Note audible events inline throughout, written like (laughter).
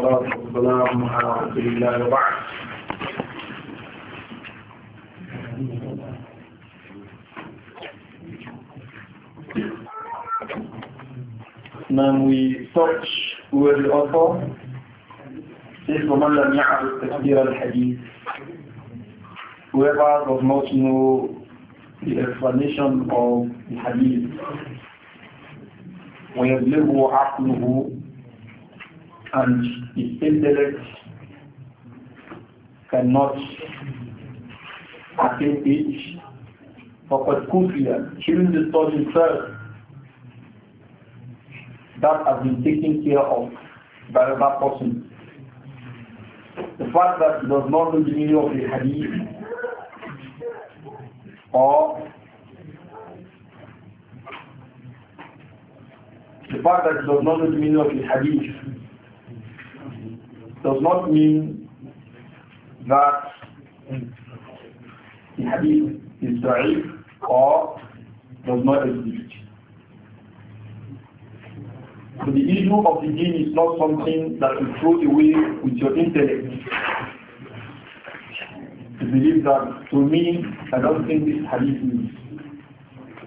والصلاة والسلام على رسول الله وبعد من يسرش هو الأطفال سيد ومن لم يعرف تكبير الحديث whoever does not know the explanation of the hadith ويبلغه عقله and its intellect cannot attain it. But Kufia, during the study itself, that has been taken care of by that person. The fact that he does not know the meaning of the hadith or the fact that he does not know the meaning of the hadith does not mean that the hadith is da'if or does not exist. So the issue of the deen is not something that you throw away with your intellect. To believe that, to me, I don't think this hadith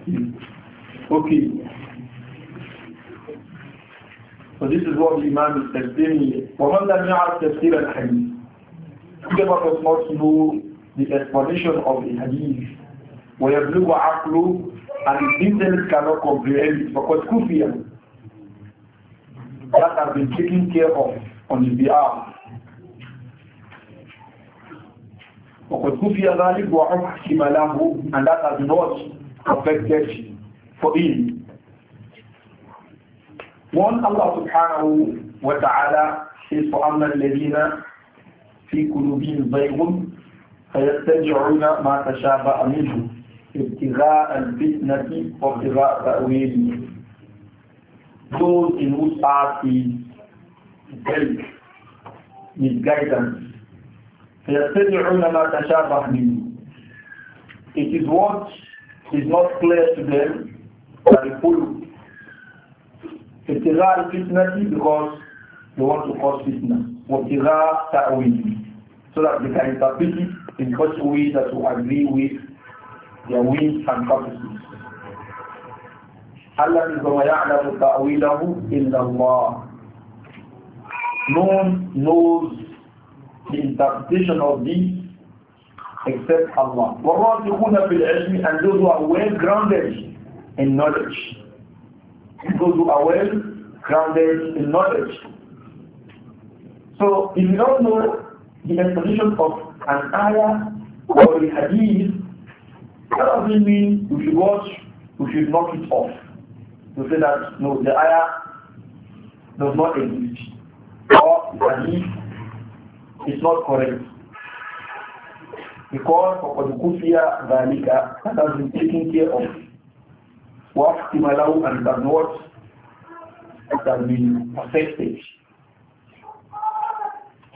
is okay. So this is what Imam is explaining. وَمَنْ لَمْ يَعْرَفْ تَفْسِيرَ الْحَدِيث Whoever does not know the explanation of the hadith, وَيَبْلُغُ عَقْلُ and his intellect cannot comprehend it because kufiya that has been taken care of on his behalf. وقد كفي ذلك وحكم له and that has not affected for him One Allah subhanahu wa ta'ala says الَّذِينَ فِي قُلُوبِهِمْ ضيق فَيَتَّبِعُونَ مَا تَشَابَهَ مِنْهُ ابْتِغَاءَ الْفِتْنَةِ وَابْتِغَاءَ تَأْوِيلِهِ Those in whose heart is guilt, misguidance, فَيَتَّبِعُونَ مَا تَشَابَهَ مِنْهُ It is what is not clear to them that they follow ابتغاء الفتنة because they want to cause fitna. وابتغاء تأويل so that they can interpret it in such a way that will agree with their wings and purposes. Allah الذي هو يعلم تأويله إلا Allah. No one knows the interpretation of this except Allah. وَالرَّاسِخُونَ فِي الْعِلْمِ and those who are well grounded in knowledge. People who are well grounded in knowledge. So if you don't know the explanation of an ayah or the hadith, that doesn't mean we should watch, we should knock it off. We say that no, the ayah does not exist. Or the hadith is not correct. Because of the kufia, that has been taken care of. What وَأَحْتِمَ allow and does not, It has been perfected.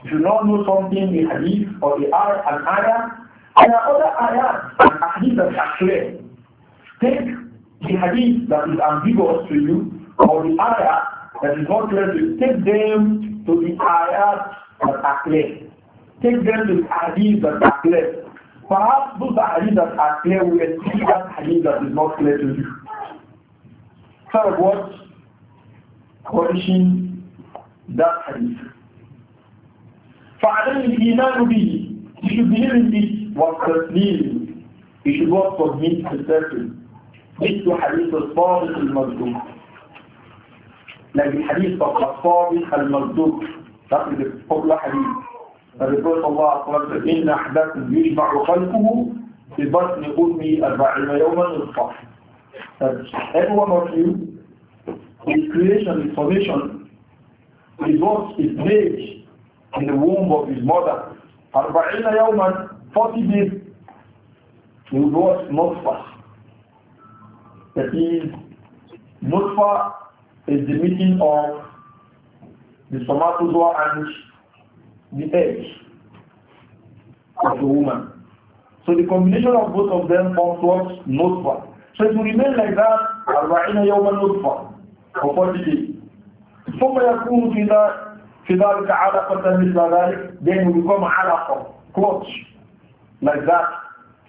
If you don't know something, the hadith or the ayah, and ayah, there are other ayahs and hadith that are clear. Take the hadith that is ambiguous to you or the ayah that is not clear to you. Take them to the ayahs that are clear. Take them to the hadith that are clear. Perhaps those hadith that are clear will see that hadith that is not clear to you. part وقت what quoting حديث hadith. فعلم الإيمان به You should be hearing this what does mean You مثل حديث الصادق المصدوق لكن حديث فقط الصادق المصدوق تقريب قبل حديث فذكر الله صلى الله عليه وسلم إن أحداث يجمع خلفه في بطن أمي أربعين يوما الصحيح that every one of you is creation, and formation, is what is made in the womb of his mother. أربعين يوما 40 days he was nutfa. That is, nutfa is the meeting of the somatozoa and the egg of the woman. So the combination of both of them forms what? Nutfa. So it will remain like that, أربعين يوما نطفة or 40 days. ثم يكون في ذلك في ذلك علقة مثل ذلك then will become علقة clutch like that.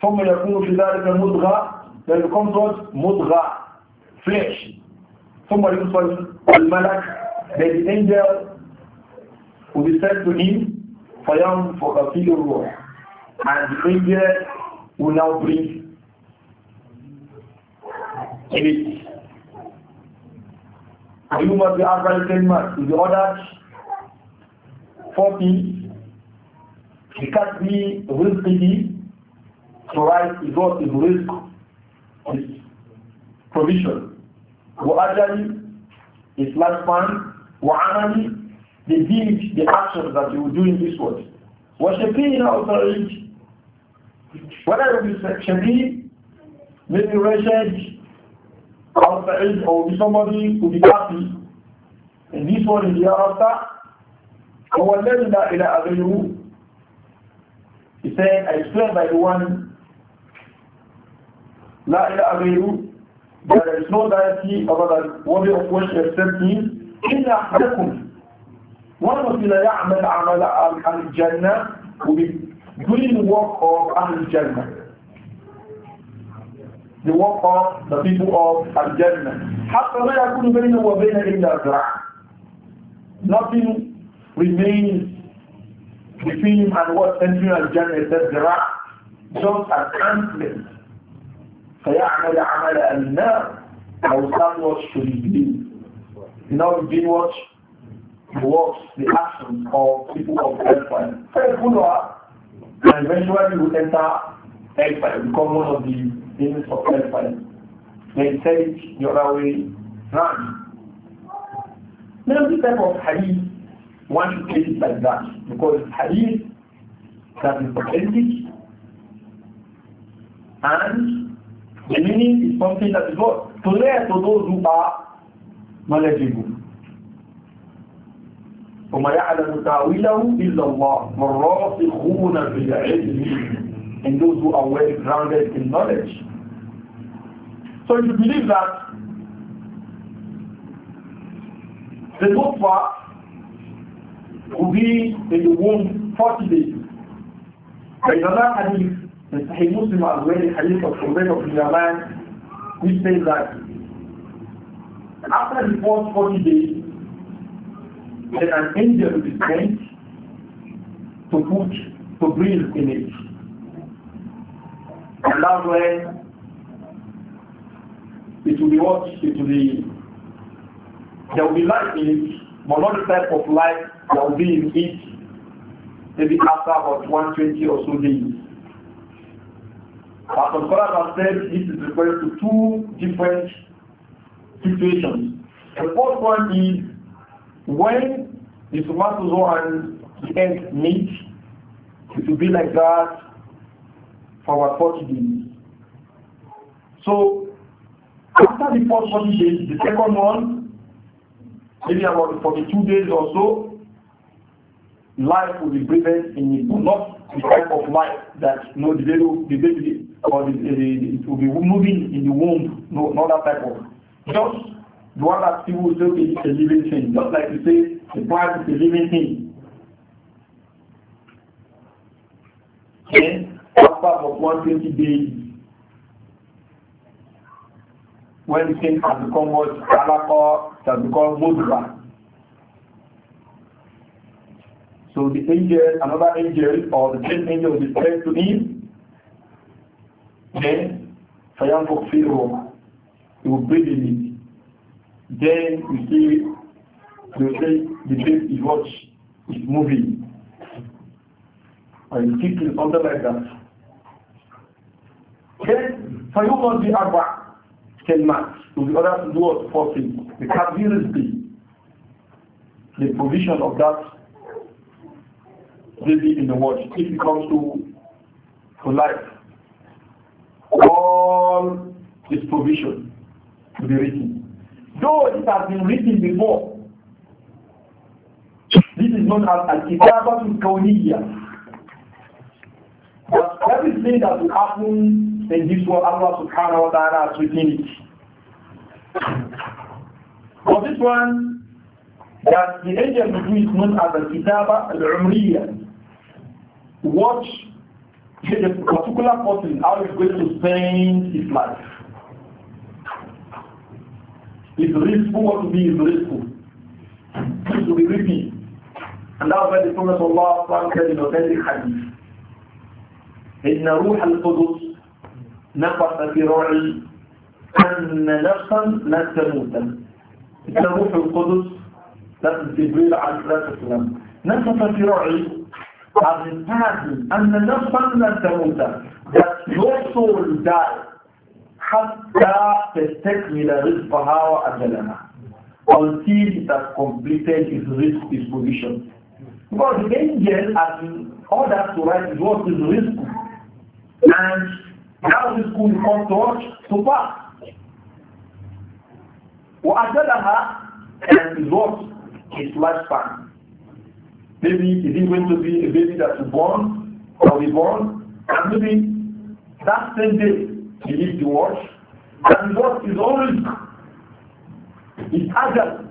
ثم يكون في ذلك مضغة then becomes what? مضغة flesh. ثم يوصل الملك then the angel will be sent to him فينفخ فيه الروح and the angel will now bring in it. you must be after 10 months. If you ordered 40, you can't be risky. To write is what is risk is provision. Wa'ajali is lifespan. Wa'amali, the deeds, the actions that you will do in this world. Washakina also is, whether it be Shakini, maybe Rashid, Abu Sa'id or will somebody who be happy in this one and the hereafter. هو الذي لا إله غيره He said, I swear by the one لا إله غيره there is no deity other than worthy of worship except him إلا أحدكم one of you يعمل عمل أهل الجنة will be doing work of أهل الجنة the work of the people of Al-Jannah. حتى لا يكون بينه وبين إلا ذراع. Nothing remains between him and what entering Al-Jannah except ذراع. Just an antlet. فيعمل عمل النار أو somewhat to begin. You know, begin what? The works, the actions of people of hellfire. First, who are? And eventually you enter hellfire, become one of the basis of hellfire. They said you are other way round. Now this type of hadith, one should take it like that because hadith that is authentic and the meaning is something that is not clear to those who are knowledgeable. وما يعلم تاويله الا الله والراسخون في العلم and those who are well grounded in knowledge so you believe that the Kufa will be in the womb 40 days. There's another hadith in Sahih Muslim as well, the hadith of Shubayb of Yaman, which says that after the first 40 days, then an angel will be sent to put, to breathe in it. And that's when it will be what? It will be, there will be life in it, but not the type of life that will be in it maybe after about 120 or so days. But as far as said, this is referring to two different situations. The first one is when the tomatoes and the egg meet, it will be like that for about 40 days. So after the first 40 days, the second one, maybe about 42 days or so, life will be breathing in it, but not the type of life that you no know, the baby, the baby or the, the, it will be moving in the womb, no, not that type of. Just the one that people say is a living thing, just like you say the plant is a living thing. Then, after about 120 days, when sin has become much alaqa, it has become mudra. So the angel, another angel, or the same angel will return to him, then فَيَنْفُقْ فِيهُ He will breathe in it. Then you see, you say, the grave is what is moving. and it's kicking, something like that. Then فَيُقَضْ بِأَرْبَعٍ ten To the other to do what? Four things. The kabir is the, the provision of that baby in the world. If it comes to, to life, all this provision to be written. Though it has been written before, this is known as al-kitabatul kawniyya. But everything that will happen then this what Allah subhanahu wa ta'ala has written it. For this one, that the angel who is known as the Kitaba al-Umriya, watch the particular person, how he's going to spend his life. His risk, what to be his risk? to be repeat. And that's why the Prophet Allah said in authentic hadith, إن روح القدس نقص في روعي أن نفسا لا تموت روح القدس لكن جبريل عليه الصلاة والسلام نقص في روعي أن نفسا لا تموت that your soul die حتى تستكمل رزقها وأجلها until it has completed its risk its position. Because the angel has been ordered to write what is risk and That was the watch. called Torch Tufa. وأجلها and is His lifespan. Maybe is he going to be a baby that is born or be born? And maybe that same day he needs to watch. And what is always is agile.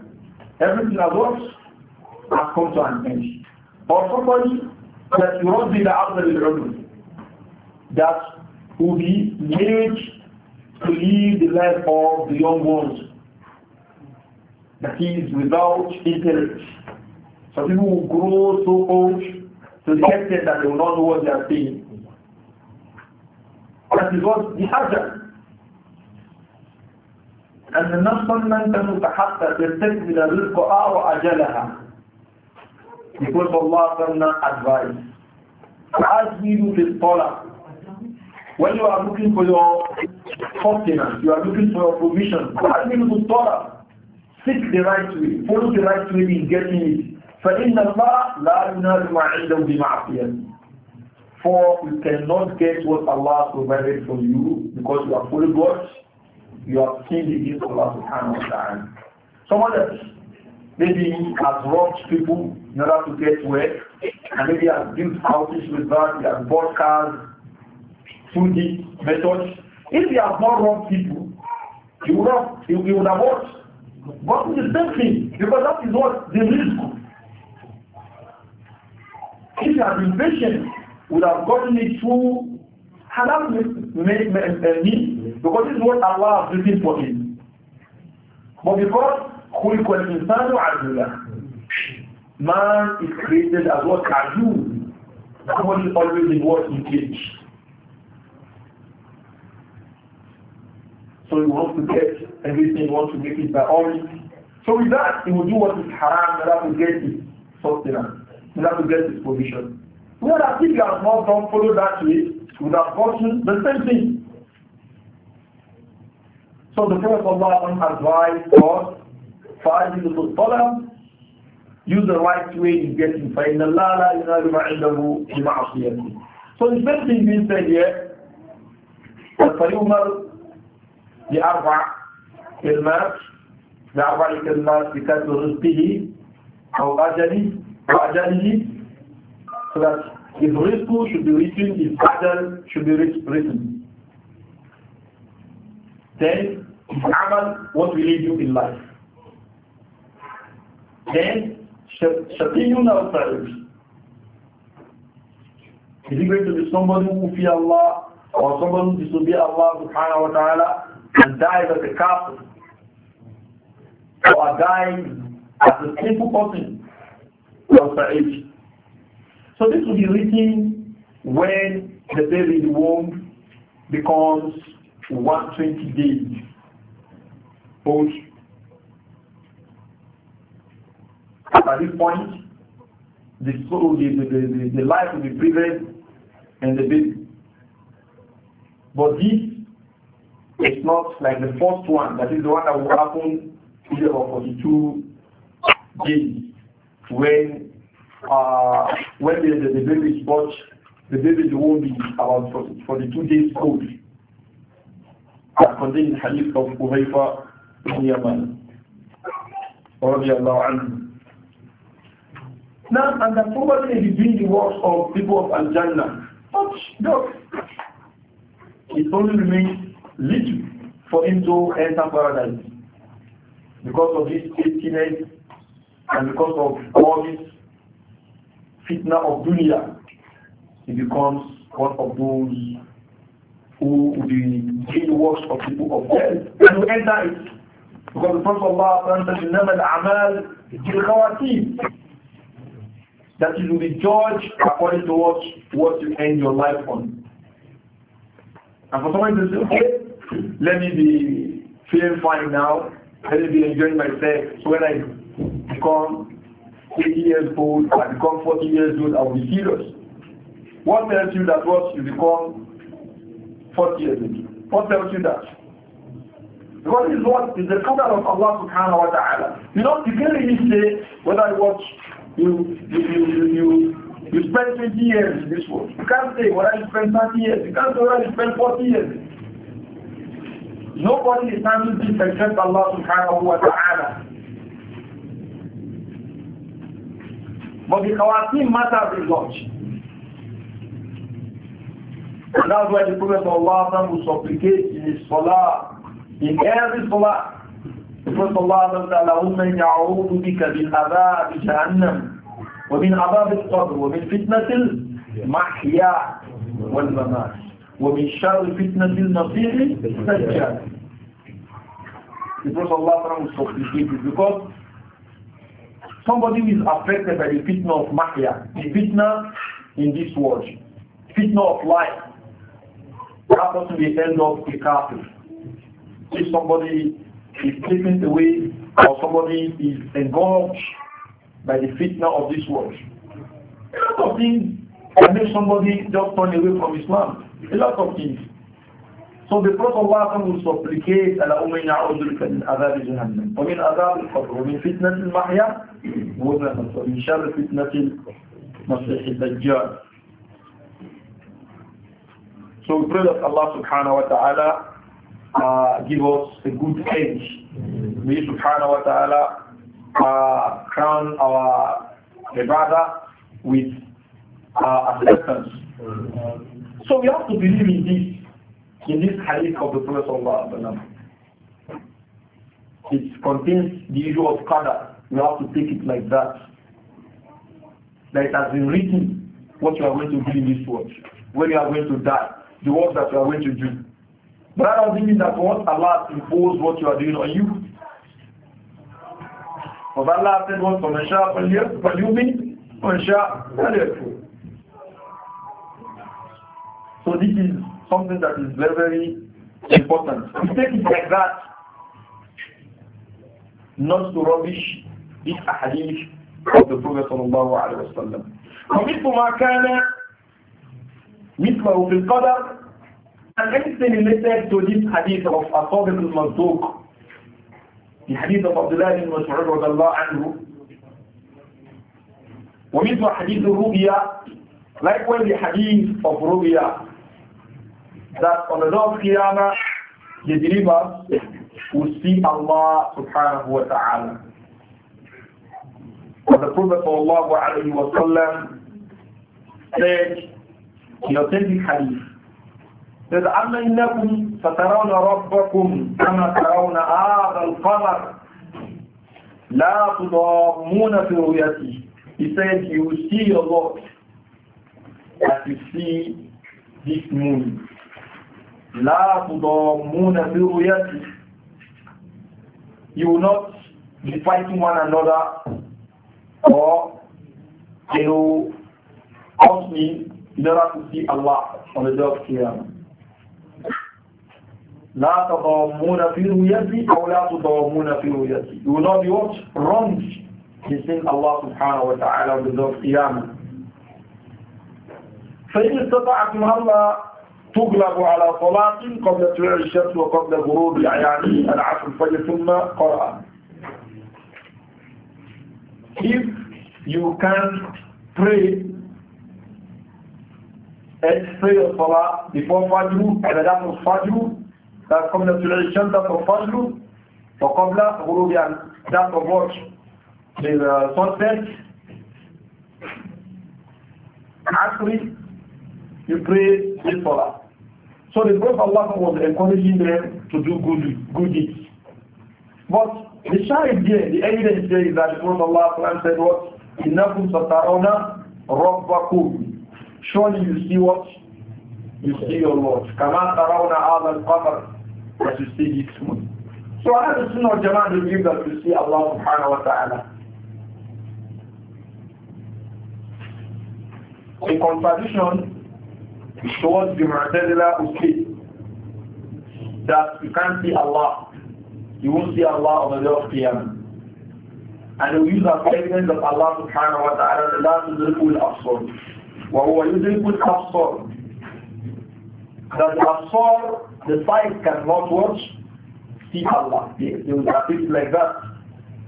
Everything has watched has come to an end. Or somebody that you not be the outside of the room. That will be made to live the life of the young ones. That is without interest. Some people will grow so old to the extent that they will not know what they are saying. That is what the hazard. أن نفسا with تموت حتى تستكمل رزقها وأجلها. Because Allah advise. As we do this Torah, when you are looking for your sustenance, you are looking for your provision, ask him to up. Seek the right way, follow the right way in getting it. فإن الله لا ينال ما عنده بمعصية For you cannot get what Allah provided for you because you are fully God, you have sinned against Allah subhanahu wa ta'ala. Someone that maybe has robbed people in order to get wealth, and maybe has built houses with that, he has bought cars, through this method. If you have not wronged people, you would have, you, you would have what? Gotten the same thing, because that is what the risk. If you have been patient, would have gotten it through And that halal means, because this is what Allah has written for him. But because خلق الإنسان عجولا Man is created as what can do. Someone is always in what engaged. So he wants to get everything, he wants to make it by all means. So with that, he will do what is haram in order to get his sustenance, in order to get his provision. Whereas if you have not done follow that way, you would have gotten the same thing. So the Prophet Allah advised us, five is the follow, use the right way in getting فَإِنَّ اللَّهَ لَا يُنَالُ مَعِنْدَهُ بِمَعْصِيَتِهِ So the same thing we said here, that فَيُمَرْ بأربع كلمات بأربع كلمات بكسر رزقه أو أجله وأجله so that his rizq should be written, his ajal should be written. Then his what will he do in life? Then shatiyun al sa'id. Is he going to be somebody who fear Allah or somebody who disobey Allah subhanahu wa ta'ala and died as a captain or dying as a simple person was age. So this will be written when the baby in the womb becomes 120 days old. At this point, the soul, the, the, the, the life will be driven and the baby. But this it's not like the first one, that is the one that will happen period the 42 days when uh, when the, the, the baby is born, the baby won't be about the 42 days old. As contained in hadith of Uhayfa ibn Yaman. Now, and that probably is doing the works of people of Al-Jannah. But, no, it only remains little for him to enter paradise because of this emptiness and because of all this fitna of dunya, he becomes one of those who will be works of people of death and we enter it. Because the Prophet Allah says, إِنَّمَا الْأَعْمَالِ بِالْخَوَاتِيمِ That you will be judged according to what, what you end your life on. And for someone to say, okay, let me be feeling fine now, let me be enjoying myself. So when I become 80 years old, I become 40 years old, I will be serious. What tells you that once you become 40 years old? What tells you that? Because what is the qadr of Allah subhanahu wa ta'ala. You know, you can't really say whether I watch you you you you, you you spend 20 years in this world. You can't say whether you spend 30 years. You can't say whether you spend 40 years. Nobody is handling to except Allah subhanahu wa ta'ala. But the Khawatim matters a lot. And that's why the Prophet of Allah will supplicate in his salah, in every salah. The Prophet of Allah says, اللهم يعوذ بك من عذاب جهنم ومن عذاب القبر ومن فتنة المحيا والممات. ومن شر فتنة المسيح الدجال The Prophet Allah was supplicated because somebody is affected by the fitna of mahya, the fitna in this world, fitna of life. That person will end up the kafir. If somebody is taken away or somebody is engulfed by the fitna of this world. A lot of things can make somebody just turn away from Islam. A lot of things. So the Prophet Allah will supplicate, Allahumma inna a'udhuka min adhab jahannam, wa min adhab al-qabr, wa min fitnat al-mahya, wa min shar fitnat al-masih al-dajjal. So we pray that Allah subhanahu wa ta'ala uh, give us a good age. May subhanahu wa ta'ala uh, crown our brother with uh, acceptance. So we have to believe in this, in this hadith of the Prophet. It contains the issue of qadar. We have to take it like that. That it has been written what you are going to do in this world, when you are going to die, the work that you are going to do. But that doesn't mean that once Allah imposed what you are doing on you. Because Allah said once, وَمَنْ شَاءَ فَلْيُؤْمِنْ وَمَنْ شَاءَ فَلْيَكْفُرْ so this is something that is very, very important. We take it like that, not to rubbish this hadith of the Prophet sallallahu alaihi wasallam. ومثل ما كان مثله في القدر and anything related to this hadith of Asadiq al-Mazduk, the hadith of Abdullah ibn Mas'ud radiallahu anhu, ومثل حديث الرؤيا likewise the hadith of رؤيا that on the day of Qiyamah, the believer will see Allah subhanahu wa ta'ala. And the Prophet sallallahu alayhi wa sallam said in authentic hadith, said, أَمَّا إِنَّكُمْ فَتَرَوْنَ رَبَّكُمْ كَمَا تَرَوْنَ هَذَا الْقَمَرَ لَا تُضَامُّونَ فِي رُؤْيَتِهِ He said, you will see your Lord as you see this moon. لا تضامون في رؤيته You will not be fighting one another or you will cause me in order to see Allah on the day of Qiyamah. لا تضامون في رؤيتي أو لا تضامون في رؤيتي You will not be what? Wronged in seeing Allah subhanahu wa ta'ala on the day of Qiyamah. فإن استطعتم الله تغلب على طلاق قبل طلوع الشمس وقبل غروب يعني العصر الفجر ثم قرأ if you can pray and pray your salah before Fajr and that was Fajr that قبل طلوع الشمس that was Fajr for Qabla, غروب يعني that was watch the sunset and actually you pray this salah So the Prophet Allah was encouraging them to do good, good deeds. But the shahid here, the evidence here is that the Prophet Allah said what? إِنَّكُمْ سَتَرَوْنَا رَبَّكُمْ Surely you see what? You see your Lord. كَمَا تَرَوْنَا عَذَا qamar As you see this moon. So I have a sunnah of Jama'at believe that you see Allah subhanahu wa ta'ala. In contradiction is what the Mu'tazila would say. That you can't see Allah. You won't see Allah on the day of Qiyamah. And we use our statement that Allah subhanahu wa ta'ala لا تدركه الأبصار وهو يدرك الأبصار That the absor, the sight cannot watch, see Allah. They, they will repeat like that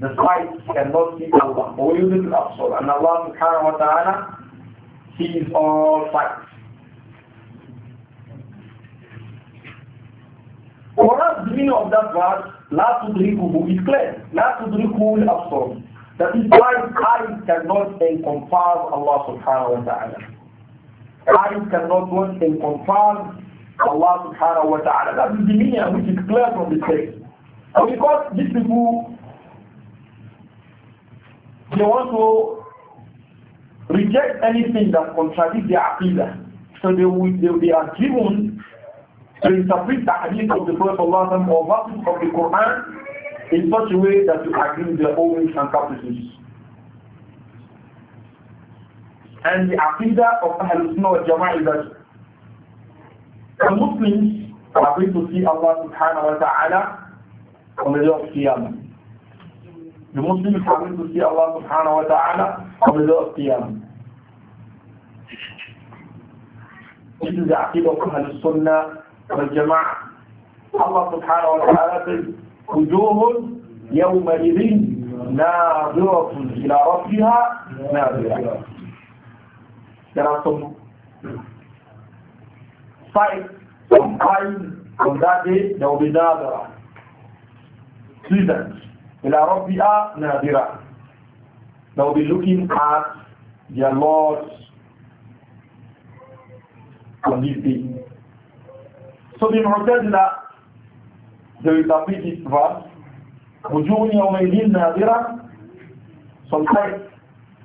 the sight cannot see Allah. Or you did absorb. And Allah subhanahu wa ta'ala sees all sights. For us, the meaning of that verse, La Tudrikuhu, is clear. La Tudrikuhu al-Absar. That is why eyes cannot encompass Allah subhanahu wa ta'ala. Eyes cannot encompass Allah subhanahu wa ta'ala. That is the meaning which is clear from the text. And because these people, they want to reject anything that contradicts their aqidah. So they, will, they, they are driven to interpret the hadith of the Prophet or verses of the Quran in such a way that you agree with their own and practices. And the aqidah of Ahlul Sunnah wal Jama'ah is that the Muslims are going to see Allah subhanahu wa ta'ala on the day of Qiyamah. The Muslims are going to see Allah subhanahu wa ta'ala on the day of Qiyamah. This is the aqidah of Ahlul Sunnah والجماعة الله سبحانه وتعالى في وجوه يومئذ ناظرة إلى ربها ناظرة There are some sights, some signs on that day, there will be ناظرة Pleasant. إلى ربها ناظرة They will be looking at their Lord on this day. So the Mu'tazila, they interpret this verse, وجوه يومئذ ناظرة Sometimes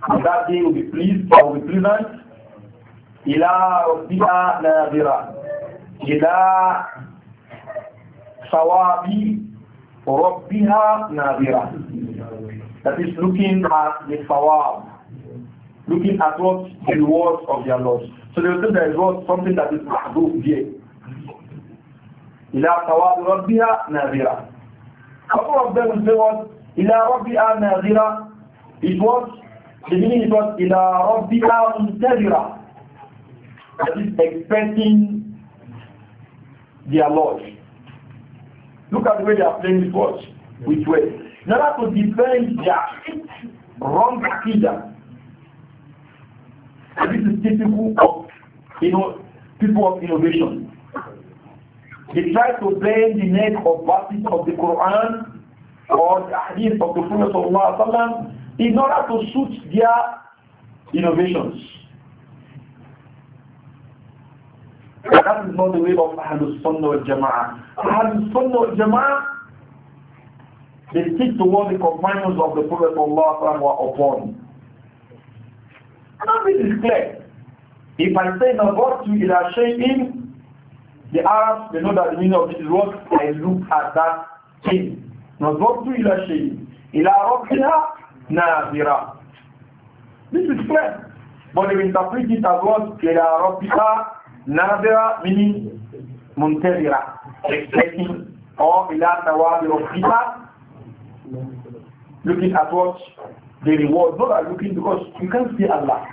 on that day will be pleased or will be pleasant. إلى ربها ناظرة إلى ثواب na ناظرة That is looking at the thawab, looking at what the words of their Lord. So they will say there is what something that is mahdoof here. إلى ثواب ربها ناظرة. A couple of them say what? إلى ربها ناظرة. It was, the meaning it was إلى ربها منتظرة. That is expecting their Lord. Look at the way they are playing this watch. Which way? In order to defend their wrong aqidah. This is typical of you know people of innovation. They try to bend the neck of verses of the Quran or the hadith of the Prophet ﷺ in order to suit their innovations. That is not the way of Ahlul Sunnah wal Jama'ah. Ahlul Sunnah wal Jama'ah, they stick to what the companions of the Prophet ﷺ were upon. And this is clear. If I say, Nagartu ila shay'in The Arabs, they know that the meaning of it is what I look at that thing. نظرت إلى شيء إلى ربها ناظرة. This is clear. But they interpret it as what إلى ربها ناظرة meaning منتظرة expecting or إلى ثواب ربها looking at what the reward. Not at looking because you can't see Allah.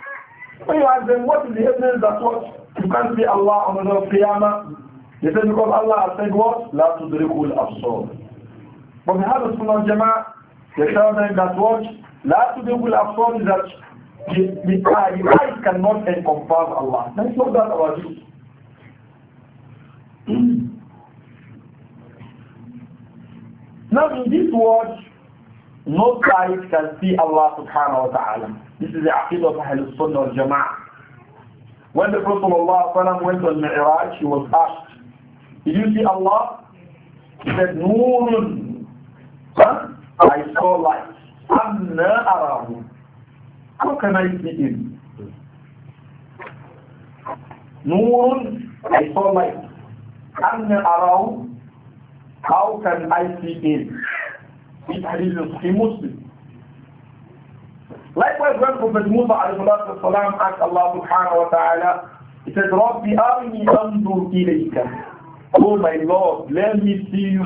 When you ask them what is the evidence that what you can't see Allah on the day of Qiyamah, They said because Allah said what? La tudrikul absar. But we have a Sunnah Jama'ah, they tell them that what? La tudrikul absar is that the, the, the eyes cannot encompass Allah. Let's look at our you. (clears throat) now in this world, no eyes can see Allah subhanahu wa ta'ala. This is the aqidah of Ahlul Sunnah al Jama'ah. When the Prophet ﷺ went on Mi'raj, he was asked, Did الله see said, Nurun. I saw light. Anna arahu. How can I see him? Nurun, I saw light. Anna arahu. How can I see him? It is a Muslim. Likewise, when Prophet Musa asked Allah subhanahu wa ta'ala, he said, رَبِّ أَرْنِي أَنْظُرْ إِلَيْكَ Oh my Lord, let me see you.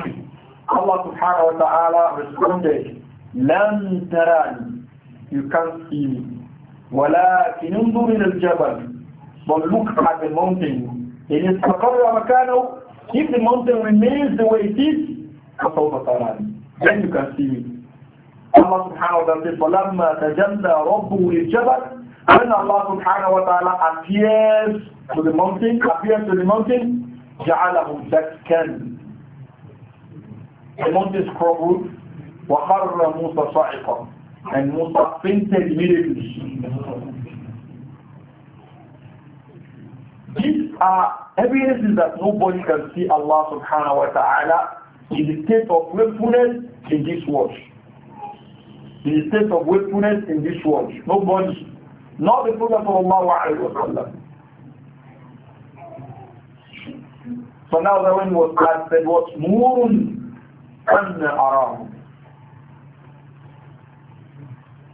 Allah subhanahu wa ta'ala responded, لَمْ تَرَانِ You can't see me. وَلَكِنْ انظُرْ إِلَى الْجَبَلِ But look at the mountain. It is فَقَرَّ مَكَانَهُ If the mountain remains the way it is, فَسَوْفَ تَرَانِ Then you can see me. Allah subhanahu wa ta'ala says, فَلَمَّا تَجَلَّى رَبُّهُ لِلْجَبَلِ When Allah subhanahu wa ta'ala appears to the mountain, appears to the mountain, جعله دكا among this crop root وخر موسى صاعقا and Musa fainted immediately these are evidences that nobody can see Allah subhanahu wa ta'ala in the state of wakefulness in this world in the state of wakefulness in this world nobody not the Prophet sallallahu alayhi wa sallam So now the wind was blasted, said, What moon and around.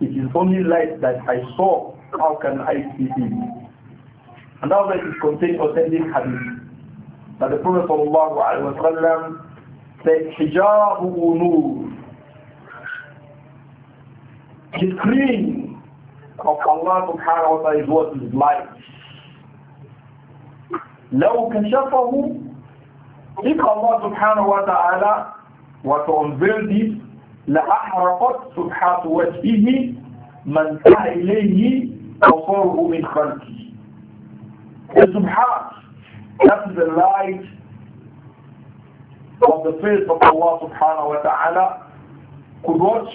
It is only light that I saw. How can I see him? And now that is contained authentic hadith. That the Prophet ﷺ said, Hijabu nur. The screen of Allah subhanahu wa ta'ala is what is light. لو كشفه if Allah subhanahu wa ta'ala were to unveil this, لَأَحْرَقَتْ سُبْحَاتُ وَجْهِهِ مَنْ تَعِلَيْهِ أَصَرُهُ مِنْ خَلْقِهِ The subhat, that is the light of the face of Allah subhanahu wa ta'ala, could watch,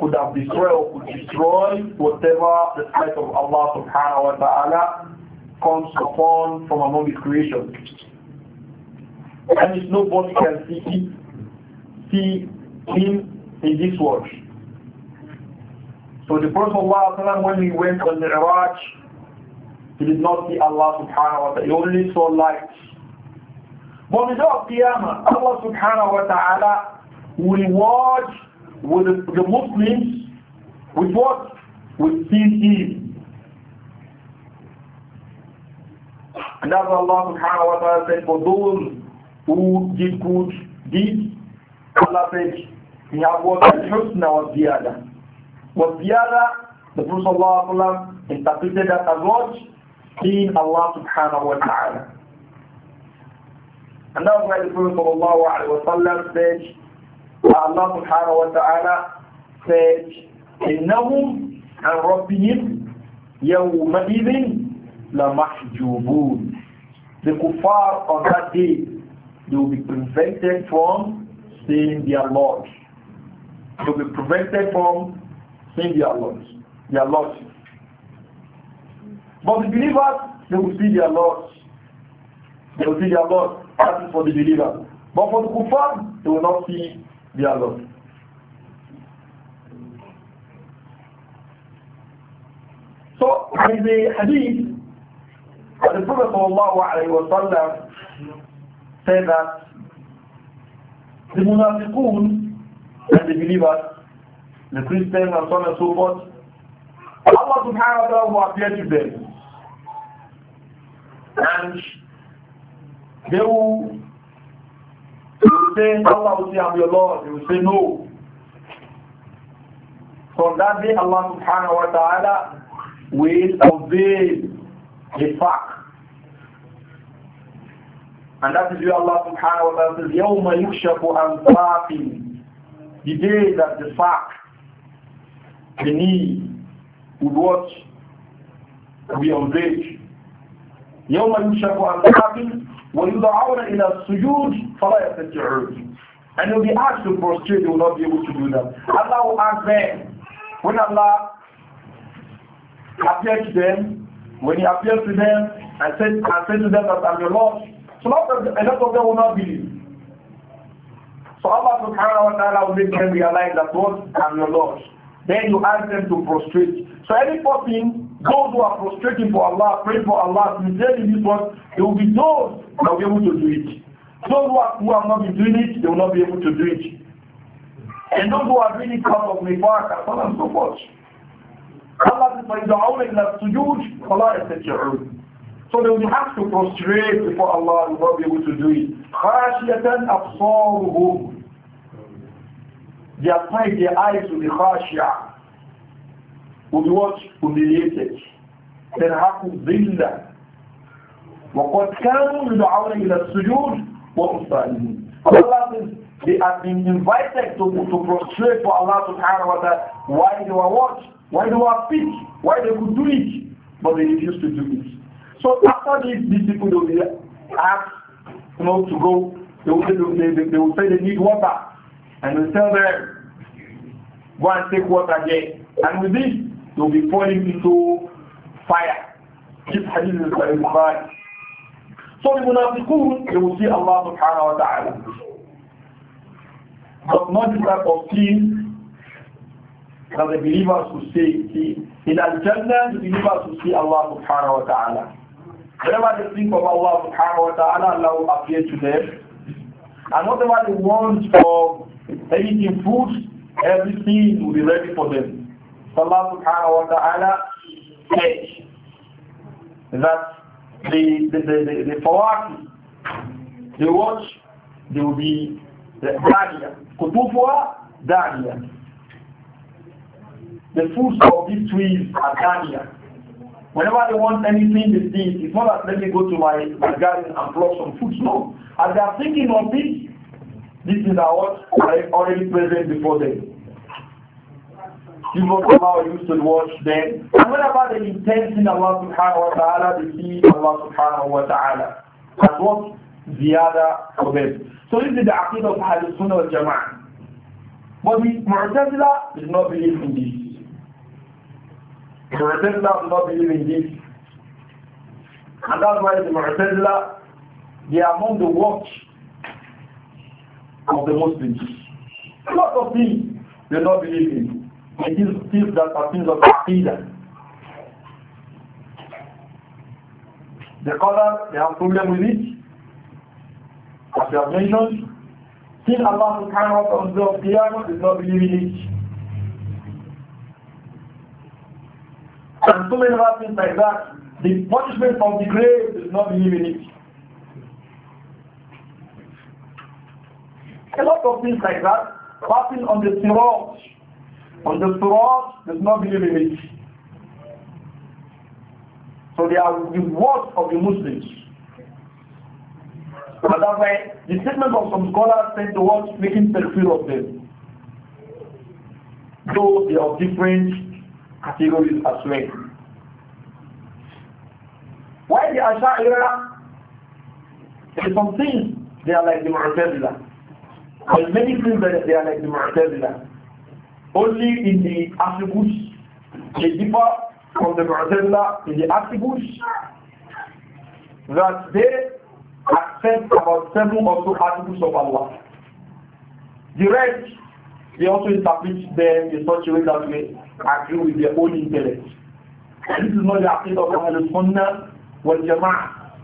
could have destroyed or could destroy whatever the sight of Allah subhanahu wa ta'ala comes upon from among his creation and if nobody can see see him in this world. So the Prophet Allah, when he went on the Iraq, he did not see Allah subhanahu wa ta'ala. He only saw light. But the day of Qiyamah, Allah subhanahu wa ta'ala will reward with the, Muslims with what? With seeing evil. And that's Allah subhanahu wa ta'ala said, for those who did good deeds, Allah said, he have what al-husna was ziyada. Was ziyada, the Prophet ﷺ interpreted that as what? Seeing Allah subhanahu wa ta'ala. And that's why the Prophet ﷺ said, Allah subhanahu wa ta'ala said, إِنَّهُمْ عَنْ رَبِّهِمْ يَوْمَئِذٍ لَمَحْجُوبُونَ The kuffar on that day they will be prevented from seeing their Lord. They will be prevented from seeing their Lord. Their Lord. But the believers, they will see their Lord. They will see their Lord. That is for the believers. But for the kuffar, they will not see their Lord. So, there is a hadith that the Prophet sallallahu alayhi wa sallam Say that the Munafiqun and the believers, the Christians and so on and so forth, Allah subhanahu wa ta'ala will appear to them. And they will, they will say, Allah will say, I'm your Lord. They will say, no. From that day, Allah subhanahu wa ta'ala will unveil the fact And that is where Allah subhanahu wa ta'ala says, يَوْمَ يُكْشَفُ أَنْ سَاقٍ The day that the sack, the knee, would what? Be unveiled. يَوْمَ يُكْشَفُ أَنْ سَاقٍ وَيُدَعَوْنَ إِلَى السُّجُودِ فَلَا يَسْتَطِيعُونَ And they'll be asked to prostrate, they will not be able to do that. Allah will ask them, when Allah appeared to them, when He appeared to them, I said, I said to them that I'm your Lord, so lot a lot of them will not believe. So Allah subhanahu wa ta'ala will make them realize that God and your Lord. Then you ask them to prostrate. So any person, those who are prostrating for Allah, praying for Allah, sincerely this one, it will be those that will be able to do it. Those who, are, who have not been doing it, they will not be able to do it. And those who are really caught of nifaq and so on and so forth. Allah the فَإِذَا عَوْلَ إِلَى Allah is يَسْتَجِعُونَ so they will have to prostrate before Allah and not be able to do it. خَاشِيَةً أَبْصَارُهُمْ Their sight, their eyes will the khashia. Will watch the Humiliated. Then haku zilla. وَقَدْ كَانُوا يُدْعَوْنَ إِلَى السُّجُودِ وَأُصَّالِهِمْ Allah says, they have been invited to, to prostrate for Allah subhanahu wa ta'ala. Why they were what? Why they were picked? Why they could do it? But they refused to do it. So after these people will ask, you know, to go. They will, say, they, they will say they need water. And we tell them, go and take water again. And with this, they will be falling into fire. This hadith is very bad. So the munafiqun, they will see Allah subhanahu wa ta'ala. But not the type of things that the believers will see. In Al-Jannah, the believers will see Allah subhanahu wa ta'ala. Whenever they think of Allah subhanahu wa ta'ala, Allah will appear to them. And whatever they want for anything food, everything will be ready for them. So Allah subhanahu wa ta'ala said that the the the, the, the fawaki, the watch, they will be the dania. Kutufwa The fruits of these trees are dania. Whenever they want anything with this, it's not that let me go to my, my garden and pluck some fruits. No. As they are thinking of this, this is our what already present before them. People somehow used to watch them. And what about the intention in Allah subhanahu wa ta'ala, they see Allah subhanahu wa ta'ala. That's what the for them. So this is the aqidah of Ahlul Sunnah al Jama'ah. But the Mu'tazila does not believe in this. The Mu'tazila do not believe in this. And that's why the Mu'tazila, they are among the watch of the Muslims. A lot of things they do not believe in. It is things that are things of Aqidah. The Qadar, they have problem with it. As we have mentioned, still Allah subhanahu wa ta'ala of Qiyamah is not believe in it. and so many other things like that. The punishment from the grave is not believe it. A lot of things like that. happen on the sirat, on the sirat does not believe it. So they are the words of the Muslims. But that's why the statement of some scholars said towards making takfir of them. Though they are different categories as well. Why the Asha'ira? There are some things they are like the Mu'tazila. There are many things that they are like the Mu'tazila. Only in the attributes, they differ from the Mu'tazila in the attributes that they accept about seven or two attributes of Allah. The rest, they also interpret them in such a way that way Argue with their own intellect. And this is not the aqidah of Ahlul Sunnah wal Jama'ah.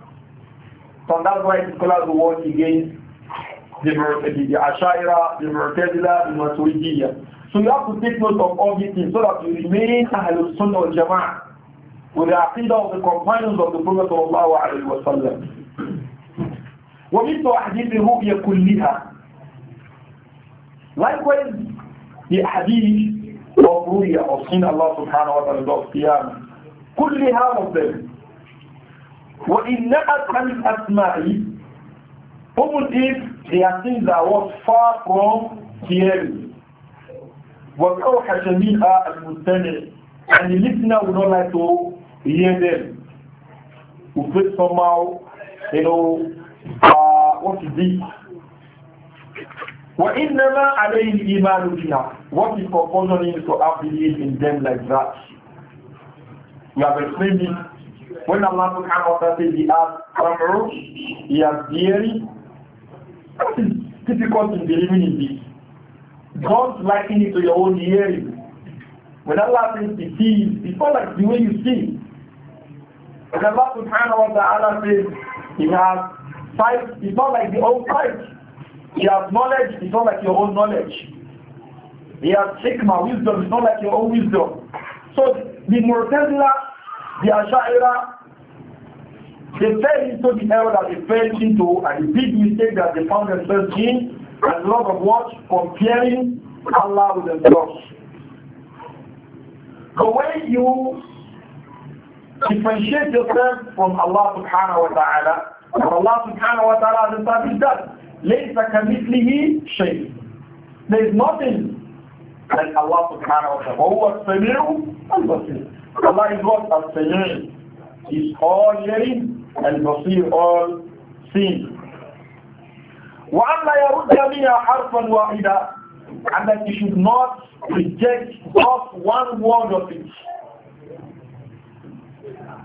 So that's why the scholars work against the, the Ashaira, the Mu'tazila, the Maturidiyya. So you have to take note of all these things so that you remain Ahlul Sunnah wal Jama'ah with the aqidah of the companions of the Prophet sallallahu alayhi wa sallam. ومثل أحاديث الرؤيا كلها. Likewise, the hadith of ruya, of seeing Allah subhanahu wa ta'ala, of qiyam. Kulli half of them. وَإِنَّأَتْ عَنِ الْأَسْمَاءِ Even if they are things that was far from hearing. وَكَوْحَ جَمِيعَ الْمُسْتَمِعِ And the listener would not like to hear them. We feel somehow, you know, uh, what is this? What is compulsion is to have belief in them like that. We have explained it. When Allah subhanahu wa ta'ala says he has tamru, he has theory, what is difficult in believing in this. God's not it to your own hearing. When Allah says he sees, it's not like the way you see. When Allah subhanahu wa ta'ala says he has sight, it's not like the old sight. He has knowledge, it's not like your own knowledge. He has hikmah, wisdom, it's not like your own wisdom. So the Mu'tazila, the Asha'ira, they fell into the error that they fell into and the big mistake that they found themselves in and love of what? Comparing Allah with themselves. The way you differentiate yourself from Allah subhanahu wa ta'ala, Allah subhanahu wa ta'ala has established that. ليس كمثله شيء There is nothing like Allah subhanahu wa ta'ala. هو السميع البصير. Allah is what? السميع sami is all hearing and بصير all seeing. وَأَنْ لَا يَرُدَّ بِهَا حَرْفًا وَاحِدًا And that you should not reject just one word of it.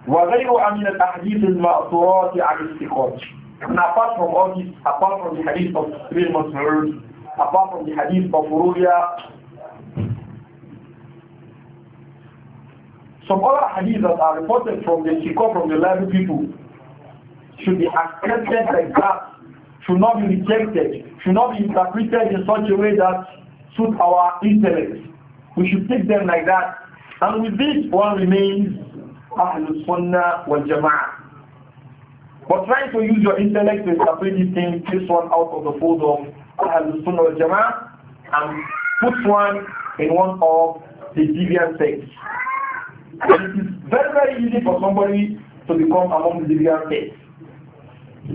وَغَيْرُ أَمِنَ الْأَحْدِيثِ الْمَأْثُورَاتِ عَنِ السِّقَاطِ And apart from all this, apart from the hadith of months old, apart from the hadith of Ruya, some other hadiths that are reported from the Shikor, from the lively people, should be accepted like that, should not be rejected, should not be interpreted in such a way that suit our intellect. We should take them like that. And with this, one remains Ahlul Sunnah wal Jama'ah. But trying to use your intellect to separate this thing, this one out of the fold of Al-Sunnah jamaah and put one in one of the deviant sects. And it is very, very easy for somebody to become among the deviant sects.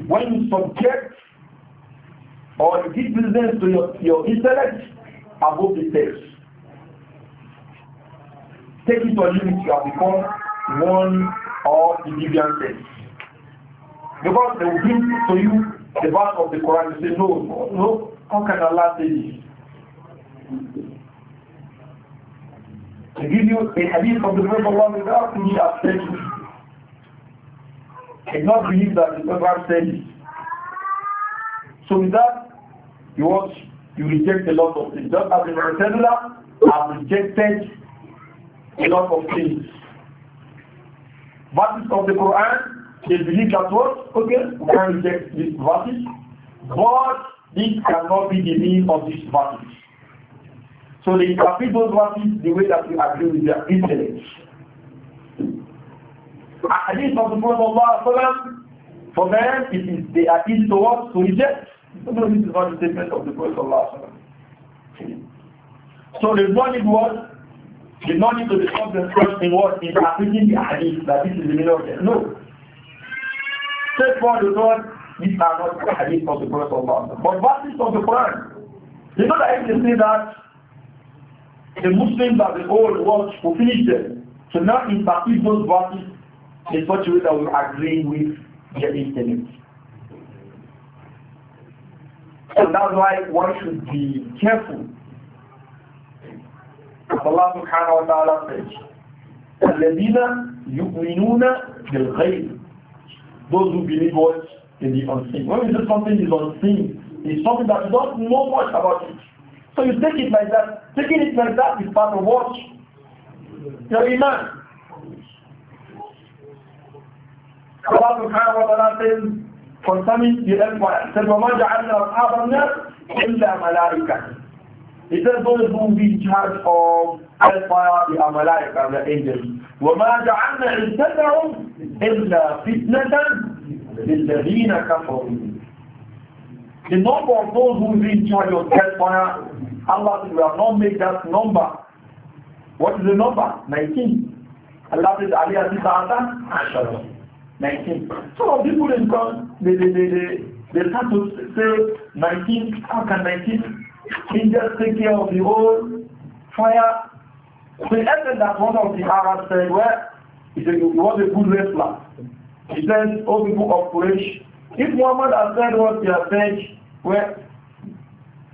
When you subject or give business to your, your intellect above the text, take it or leave it, you have become one of the deviant sects. Because they will bring to you the verse of the Quran. You say, no, no, how can Allah say this? To give you a hadith of the Prophet Allah without me upset you. Cannot believe that the Prophet said it. So with that, you watch, you reject a lot of things. Just as the Mu'tazila have rejected a lot of things. Verses of the Quran they believe at what? Okay, we can reject this verses, but this cannot be the meaning of this verses. So they interpret those verses the way that we agree with their intellect. Hadith of the Prophet of Allah, for them, it is they are easy to what? To reject. No, this is not the statement of the Prophet of Allah. So the knowledge was, the need to discuss themselves in what? In interpreting the hadith, that this is the meaning of it. No straightforward the Lord these are not the hadith of the Prophet of Allah. But verses of the Quran. You know that if they say that the Muslims of the old world will finished, them, so now interpret those verses in such a way that we agree with the intent. So that's why one should be careful. Allah subhanahu wa ta'ala says, الذين يؤمنون بالغيب those who believe what in the unseen. When we say something is unseen, it's something that you don't know much about it. So you take it like that. Taking it like that is part of what? Your iman. Allah subhanahu wa ta'ala says concerning the empire, said, وَمَا جَعَلْنَا أَصْحَابَ النَّارِ إِلَّا مَلَائِكَةً He says those who will be in charge of hellfire, they are malaika, they are وَمَا جَعَلْنَا عِدَّتَهُمْ إِلَّا فِتْنَةً لِلَّذِينَ كَفَرُوا The number of those who will be in charge of hellfire, Allah said, we have not made that number. What is the number? 19. Allah said, Ali Aziz Ata, 19. So people in God, they, they, they, they, they start to say, 19, how can 19 He just take care of the whole fire so it ended that one of the Arabs said, well, he said, he was a good wrestler. He said, all people of Quraysh, if Muhammad has said what he has said, well,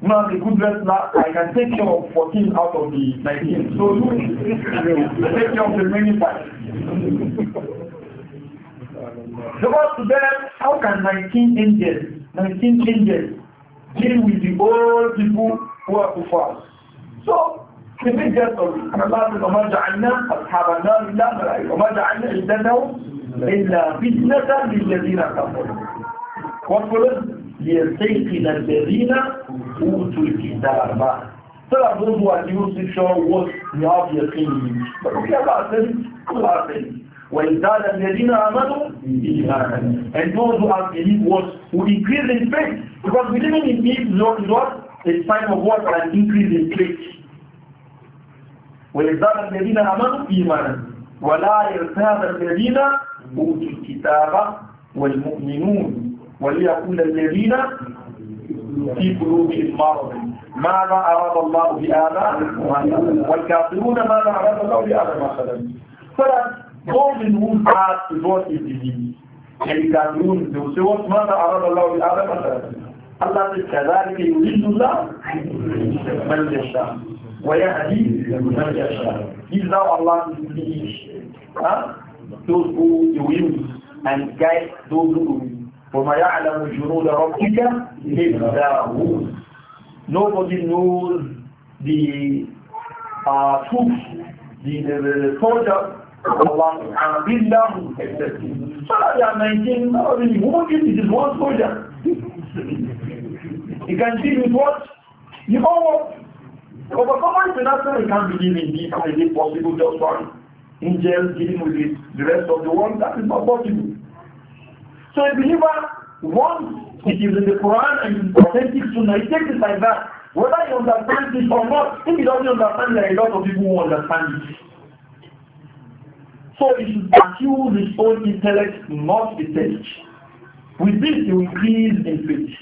not a good wrestler, I can take care of 14 out of the 19. So you take care of the remaining five. Because to them, how can 19 angels, 19 angels deal with the old people who are too fast? So كثير جاء قول الله وما جعلنا أصحاب النار إلا ملائك وما جعلنا عندهم إلا فتنة للذين كفروا وقلت ليستيقن الذين أوتوا الكتاب ترى بوز يوسف شو وش نياب يقين بقول يا باسل كل باسل وإزداد الذين آمنوا إيمانا and those who have believed was who increase in faith because believing in me is what is what a sign of what an increase in faith ولذلك الذين امنوا ايمانا ولا يرتاب الذين اوتوا الكتاب والمؤمنون وليقول الذين في قلوبهم مرض ماذا اراد الله بهذا والكافرون ماذا اراد الله بهذا مثلا فلا هو قاعد في ذات الدين الكافرون يعني بوسوس ماذا اراد الله بهذا مثلا الله كذلك يريد الله من يشاء وَيَهْدِي لَمُنَا يَشَاءُ He is now Allah to lead huh? those who He wills and guide those who will. وَمَا يَعْلَمُ جُنُودَ رَبِّكَ إِلَّا هُوَ Nobody knows the uh, troops, the, the, the soldiers Allah subhanahu wa except him. So they are 19, not really moving, it is one soldier. you (laughs) can deal with what? You know what? But for someone to not say we can't believe in this, how is it possible just one angel dealing with it, the rest of the world? That is not possible. So a believer, once it is in the Quran and authentic Sunnah, he takes it like that. Whether he understands it or not, if he doesn't understand, there are a lot of people who understand it. So he should accuse his own intellect, not the text. With this, he will increase in faith.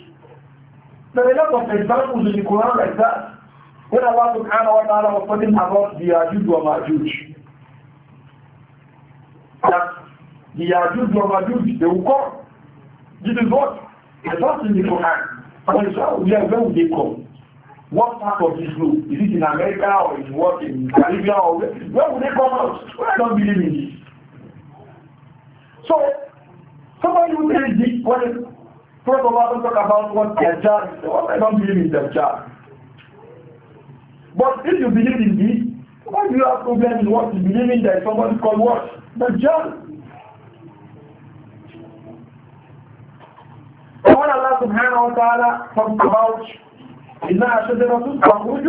There are a lot of examples in the Quran like that. When Allah subhanahu wa ta'ala was talking about the Yajuj wa Majuj, that the Yajuj wa Majuj, they will come. This is what? The first in the Quran. And so oh, we are where they come. What part of this group? Is it in America or in what in Caribbean or where, where will they come out? Well, I don't believe in this. So somebody who tells this, when First of all, don't talk about what Dajjal is. What I don't believe in their Dajjal. But if you believe in this, why do you have problem is what you believe in that somebody called what? The John. when Allah subhanahu wa ta'ala talks about إِنَّا أَشَدَ رَسُولُ فَخْرُجُ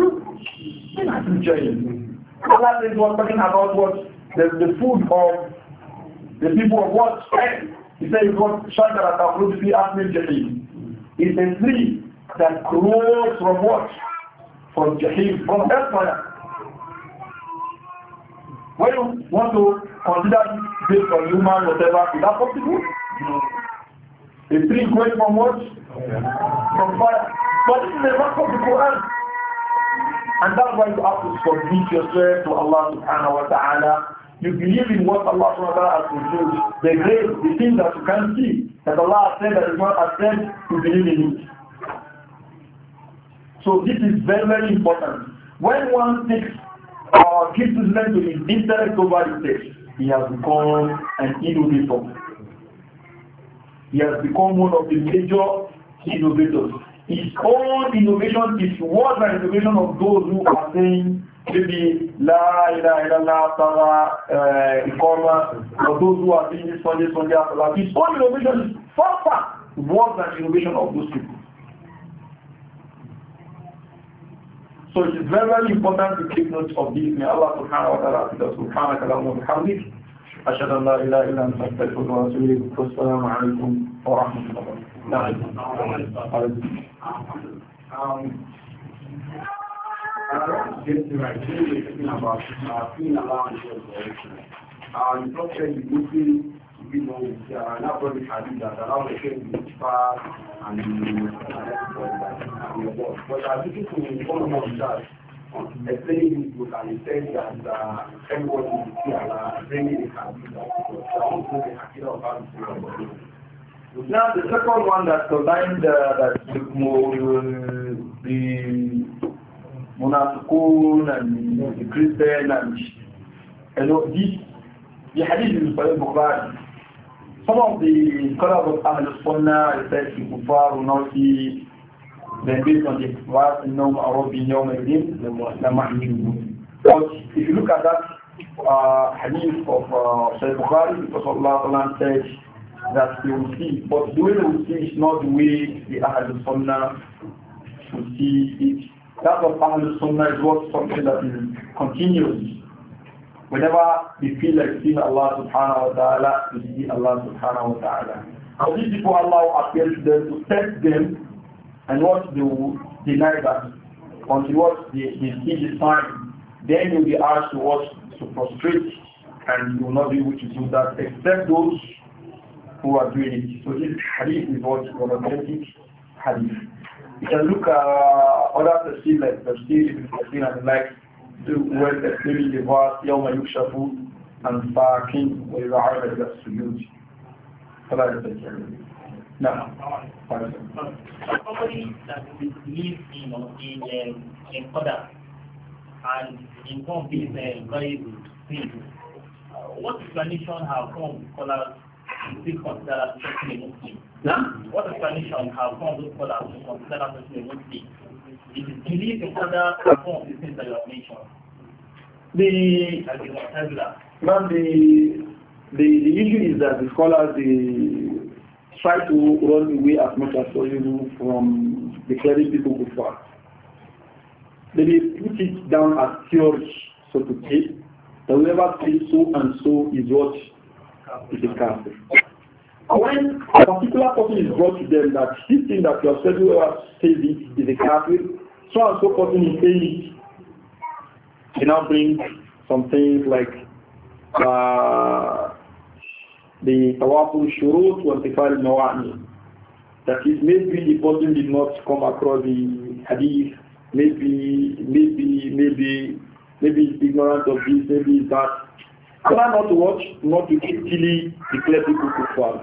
مِنْ with you. Allah is was talking about what? The, the food of the people of what? He said, you've got شَجَرَ تَخْرُجُ فِي أَسْلِ It's a tree that grows from what? from Jahil, from hellfire. When you want to consider based on human, whatever, is that possible? No. A tree going from what? From fire. But this is the work of the Quran. And that's why you have to submit yourself to Allah subhanahu wa ta'ala. You believe in what Allah subhanahu wa ta'ala has revealed. The grace, the things that you can see, that Allah has said that is not has said, you believe in it. So this is very, very important. When one takes our uh, gives length to his intellect over the text, he has become an innovator. He has become one of the major innovators. His own innovation is what the innovation of those who are saying maybe La ila ilaha illallah, Tara, eh, Ikoma, or those who are saying this Sunday, Sunday after that. His own innovation is far, far worse than innovation of those people. So it is very, very important to take note of this. May Allah subhanahu wa ta'ala subhanahu wa ta'ala wa أشهد أن لا إله إلا أنت أستغفرك وأتوب والسلام عليكم ورحمة الله وبركاته. you you know, that the But i that here the I the Now the second one that combined uh, that more the Munafiqun and the Christian and you know this the hadith is Sahih Bukhari some of the scholars of Ahlul Sunnah said the Kufar will not see them based on the verse in Nom Arabi Yom Adin, But if you look at that uh, hadith of uh, Shaykh Bukhari, because Allah said that they will see, but the way they will see is not the way the Ahlul Sunnah should see it. That of Ahlul Sunnah is what something that is continuous whenever we feel like seeing Allah subhanahu wa ta'ala, we see Allah subhanahu wa ta'ala. So these people Allah appears to them to test them and what they will deny that until what they, they see the sign, then you'll be asked to what to prostrate and you will not be able to do that except those who are doing it. So this hadith is what is an authentic hadith. You can look at uh, other tafsir like tafsir, tafsir and the like وكثير اللباس يوم يكشف عن ساق وإذا إلى السجود فلا يتكلم No. Somebody that believes in in um, and in some these uh, very things, uh, what explanation have come scholars still consider a Muslim? What explanation have some scholars consider person a Muslim? It is believed to further perform the things that you have mentioned. The, man, the, the, the issue is that the scholars they try to run away as much as possible from declaring people before. They put it down as theory, so to say, that whoever says so and so is what is a castle. When a particular person is brought to them that this thing that you have said whoever says it is a castle, so and so person is paying it. You now bring some things like uh, the tawaful shurut wa tifal nawani. That is maybe the person did not come across the hadith, maybe, maybe, maybe, maybe he's ignorant of this, maybe that. Try not to watch, not to keep killing, declare people to fall.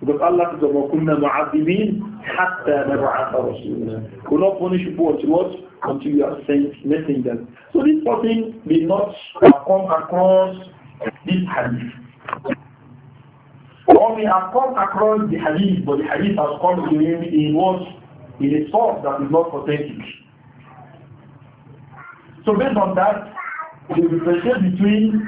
Because Allah says, وَكُنَّا مُعَذِّبِينَ حَتَّى نَبْعَثَ رَسُولًا Will not punish people until what? Until you are sent messengers. So this person may not come across this hadith. Or may have come across the hadith, but the hadith has come to him in what? In a source that is not authentic. So based on that, the differentiate between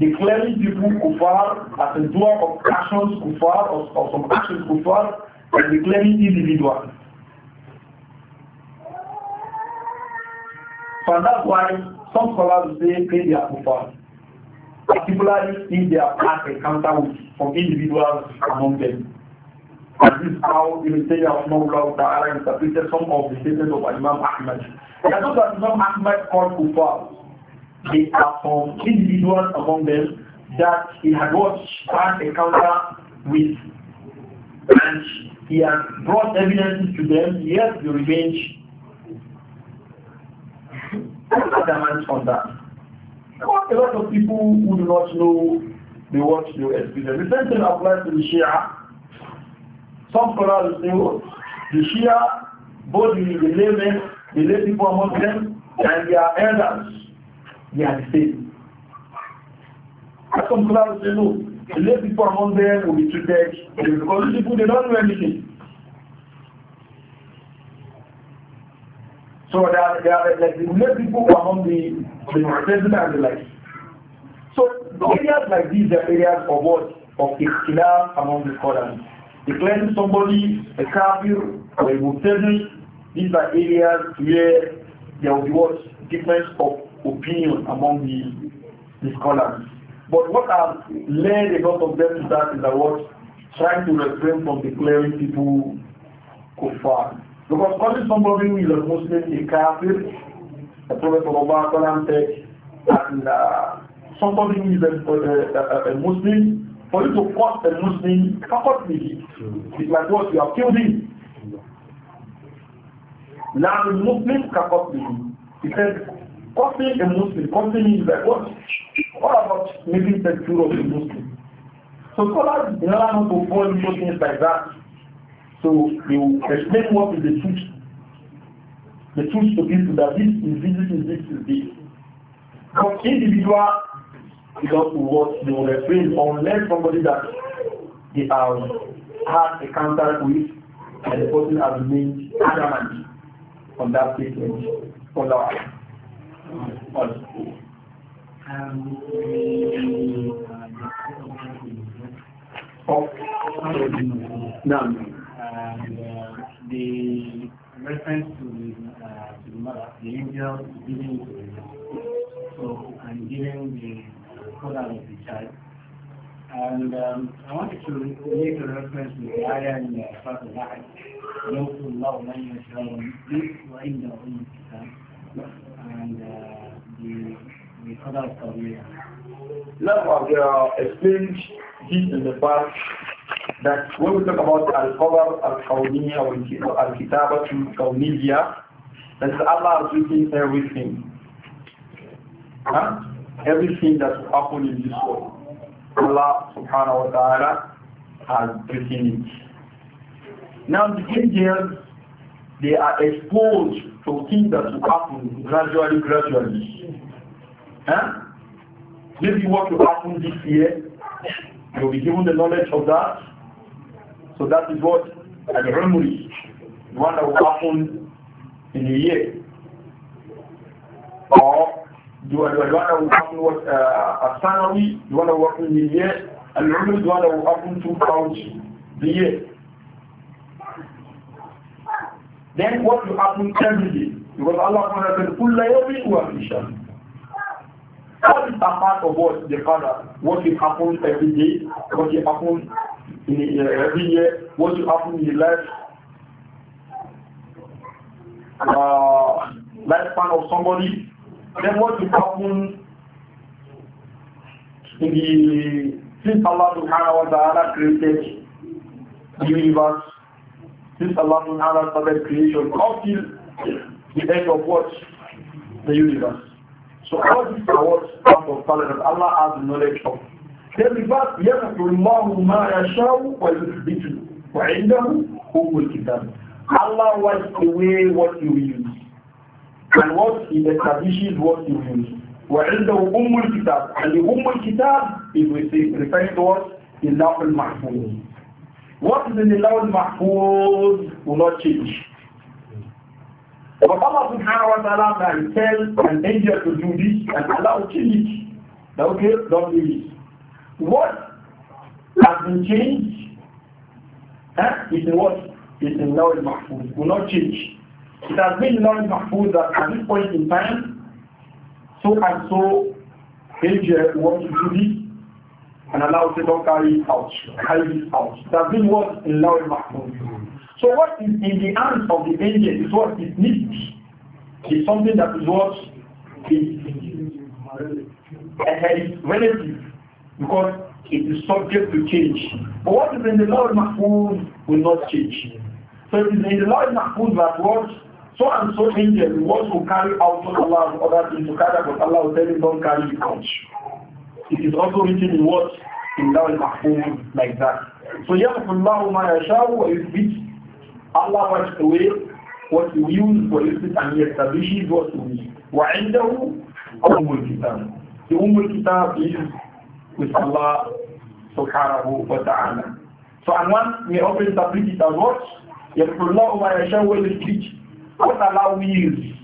declaring people kufar as a doer of actions kufar or, or some actions kufar and declaring individuals. So that's why some scholars say pay their kufar, particularly if they are past encounter with some individuals among them. And this is how no Taymiyyah Rahmahullah Ta'ala interpreted some of the statements of Imam Ahmad. And those that Imam Ahmad called kufar, they are from individuals among them that he had watched an encounter with and he has brought evidence to them, yet they revenge. adamant on that. a lot of people who do not know the what they were The same thing applies to the Shia. Some scholars say, oh, the Shia, both the, the laymen, the lay people among them, and their elders, they are the same. As some scholars say, no, the lay people among them will be treated because these people, they don't know anything. So they are, there are like the lay people among the, the Mu'tazila and the like. So areas like these are areas of what? Of ikhtilaf among the scholars. Declaring somebody a kafir or a mu'tazil, these are areas where there will be what? Difference of opinion among the, the scholars. But what I've led a lot of them to that is that what trying to refrain from declaring people kuffar. Because calling somebody who is a Muslim a kafir, the Prophet Sallallahu said, and uh, somebody who is a, a, a, a Muslim, for you to force a Muslim, comfort me. It's like what you have killed him. Now the Muslim comfort me. He said, Copying a Muslim, copying is like what? What about making statue of a Muslim? So scholars in order not to fall into things like that, so they will explain what is the truth. The truth to people that this is this, is this is this. But individual is not what they will explain unless somebody that they have had a counter with and the person has remained adamant on that statement. Allah. And the reference to the, mother, the angel is giving to the So I'm giving the father of the child. And I wanted to make a reference to the ayah And uh, the, father of the Now, we have explained this in the past that when we talk about Al-Qadr Al-Kawniyya Al-Kitabah al that Allah is written everything. Huh? Everything that happened in this world. Allah subhanahu wa ta'ala has written it. Now the angels, they are exposed to things that will happen gradually, gradually. Huh? Maybe what will happen this year, you'll be given the knowledge of that. So that is what an memory, the one that will happen in a year. Or the one that will happen what uh, a salary, the one that will happen in a year, and the one that will happen throughout the year. Then what will happen every day? Because Allah said, كُلَّ يَوْمٍ وَفِي شَهْرٍ all these are part of what the father, What is will every day, What is will in uh, every year, What is will in the life, uh, lifespan of somebody, then what is will in the since Allah subhanahu wa ta'ala created the universe, since Allah subhanahu wa ta'ala started creation, until the end of what? The universe. So all these are what part of talent that Allah has knowledge of. Then the verse, يَمْحُ اللَّهُ مَا يَشَاءُ وَيُثْبِتُ وَعِنْدَهُ أُمُّ الْكِتَابِ Allah wipes away what you use. And what He establishes what you use. وعنده أم الكتاب and the أم الكتاب is referring to what? اللوح المحفوظ what is in the lawful المحفوظ will not change but Allah subhanahu wa ta'ala can tell an angel to do this and allow will it. Okay, don't do this. What has been changed eh, is in what? Is in law mahfuz. will not change. It has been law mahfuz that at this point in time, so and so angel wants to do this and Allah will don't carry it out. Carry this out. It has been what? In law mahfuz. So what is in the hands of the angel is what is needed. It's something that is what is relative because it is subject to change. But what is in the Lord Mahfuz will not change. So it is in the Lord Mahfuz that what so and so angel wants to carry out what Allah has ordered him to carry but Allah will tell him don't carry the couch. It is also written in what? In Lord Mahfuz like that. So يَغْفُ اللَّهُ مَا يَشَاءُ وَيُثْبِتُ Allah wipes away what you use for this and he establishes what you need. وعنده أم الكتاب. The Umm al-Kitab is with Allah subhanahu wa ta'ala. So and one may also interpret it as what? يَقْفُرْلَهُ مَا يَشَاءُ teach What Allah wills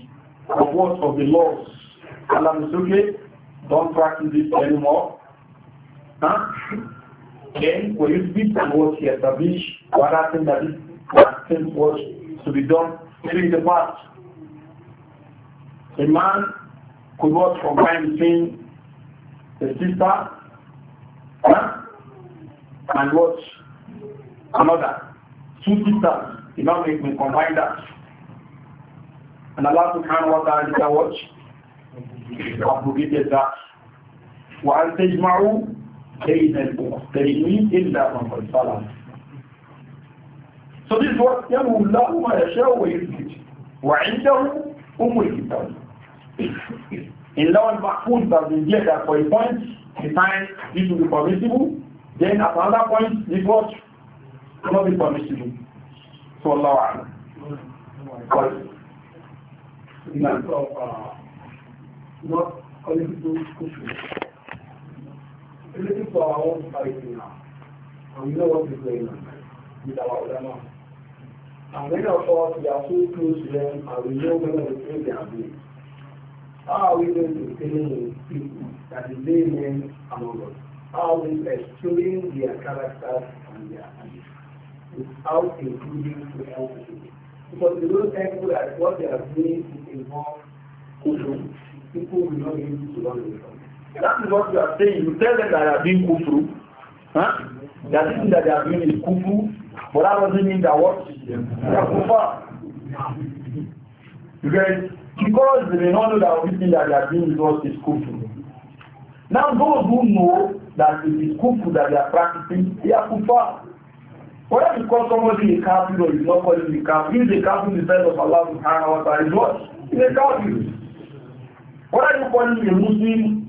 of what of the laws. Allah is okay, don't practice this anymore. Huh? Then when you speak the words he established, what happened that is that things was to be done maybe in the past. A man could not combine between a sister huh, and what another. Two sisters, you know, we can combine that. And Allah subhanahu wa ta'ala did what? Abrogated that. وأن تجمعوا بين that one for the سلم so this is what يَمْهُ اللَّهُ مَا يَشَاءُ وَيُثْبِتُ وَعِنْدَهُ أُمُّ الْكِتَابِ (laughs) In law and mahfuz has been clear that for a point in time this will be permissible, then at another point this what will not be permissible. So Allah Alam. Uh, not calling we looking for our own fighting now. And you know what we're doing with our ulama. And many of us, we are so close to them and we know when we pray they are doing. How are we going to to people that is laymen among us? How are we extolling their characters and their habits without including social people? Because we don't thank people that what they are doing is involve kufru, people will not be able to run away from it. That is what you are saying. You tell them that they are being kufru, huh? that thing that they are doing is kufru, But that doesn't mean that what? They are kuffar. Because, because they may not know that everything that they are doing is what is kuffar. Now those who know that it is kuffar that they are practicing, they are What Whether you call somebody a kafir or you not call him a kafir, he is a kafir in the sense of Allah subhanahu wa ta'ala is what? He is a kafir. Whether you call him a Muslim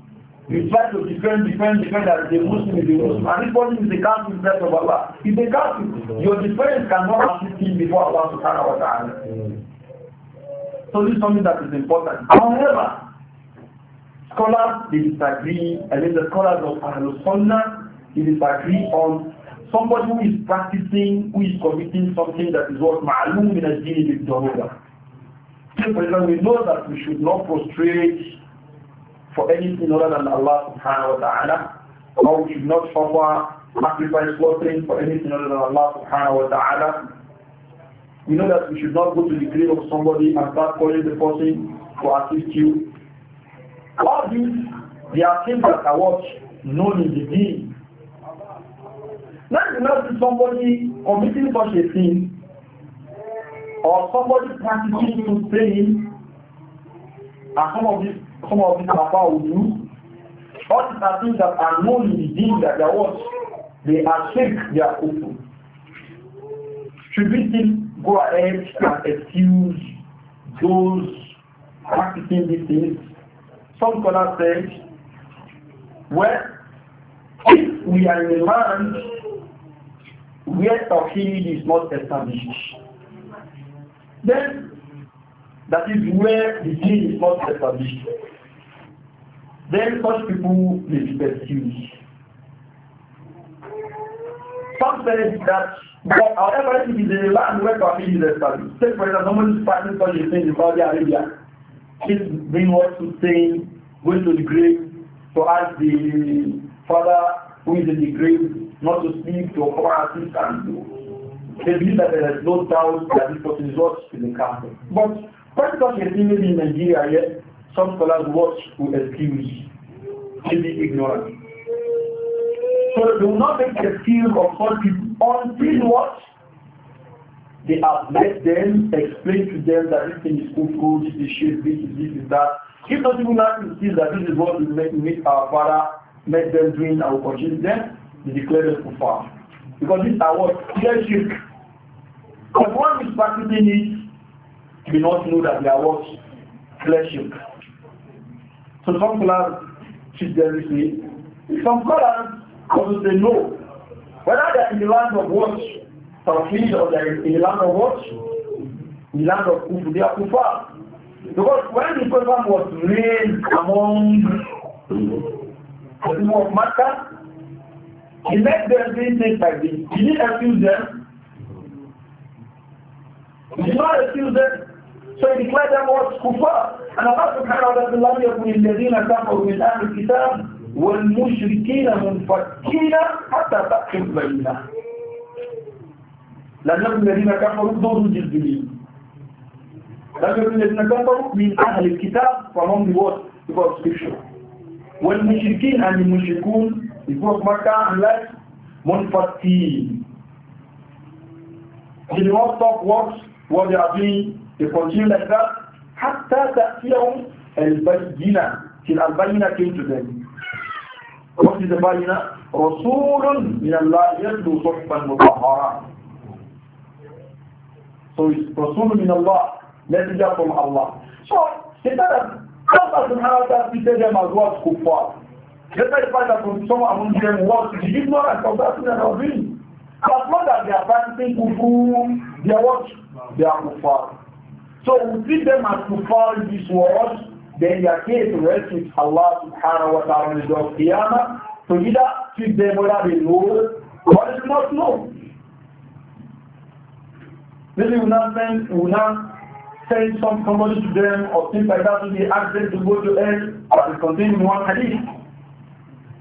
You try to defend, defend, defend as the Muslim is the Muslim. And this person is the counsel in of Allah. He's the counsel. Your defence cannot assist him before Allah subhanahu wa ta'ala. So this is something that is important. However, scholars they disagree, and then the scholars of Ahlul Sunnah they disagree on somebody who is practicing, who is committing something that is what ma'alum min al-deen bil-daruga. For example, we know that we should not prostrate for anything other than Allah subhanahu wa ta'ala. Or we not offer sacrifice slaughtering for anything other than Allah subhanahu wa ta'ala. We know that we should not go to the grave of somebody and start calling the person to assist you. All these, they are things that are what known in the deen. Now you not see somebody committing such a thing or somebody practicing to praying and some of these some of these Afa will do. All these are things that are known in the deen that they are what? They are sick, they are open. Should we still go ahead and excuse those practicing these things? Some scholars say, well, if we are in a land where Tawheed is not established, then that is where the deen is not established. Then such people may be persecuted. Some say that however it is a land where family is established. say for example, someone is practicing such the thing in Saudi Arabia. He's being what to say, going to the grave to ask the father who is in the grave not to speak to cover assist and to they believe that there is no doubt that this person is what is in the castle. But because you in Nigeria yet, some scholars watch to excuse, maybe ignorant. So do not make the field of such people until what? They have let them explain to them that this thing is good, this is shit, this is this is that. If not even that to see that this is what we make, make our father make them doing our conscience, then they declare them kufar. Because these our what? Clear shirk. one is practicing it do not know that they are what? Fleshing. So some scholars treat them this way. Some scholars because they know Whether they are in the land of what? Tawheed or they are in the land of what? In the land of Kufu, they are Kufa. Because when the Quran was raised among the people of Makkah, he let them be things like this. He didn't accuse them. He did not accuse them. سيدك ماذا هو الكفار أنا قلت سبحانه وتعالى الله يقول الذين كفروا من أهل الكتاب والمشركين منفكين حتى تقف بيننا لأنهم الذين كفروا دون الجزمين لأنهم الذين كفروا من أهل الكتاب فهم بوات بوات سكريبشن والمشركين أن المشركون بوات ما كان لك منفكين Did not stop works what They continue like that. حتى تأتيهم البينة till البينة came to them. What is the بينة? رسول من الله يتلو صحفا So it's رسول من الله messenger from Allah. So they said that Allah subhanahu wa ta'ala treated them as what kuffar. Despite the fact that some among them was the ignorance of that thing that But not that they are practicing kufu, they are what? They are kuffar. So we treat them as kuffar in this world, then their case rests with Allah subhanahu wa ta'ala in the of Qiyamah. So either treat them whether they know or they do not know. Maybe we will not send, we will not send some somebody to them or things like that to be asked them to go to hell as it contained in one hadith.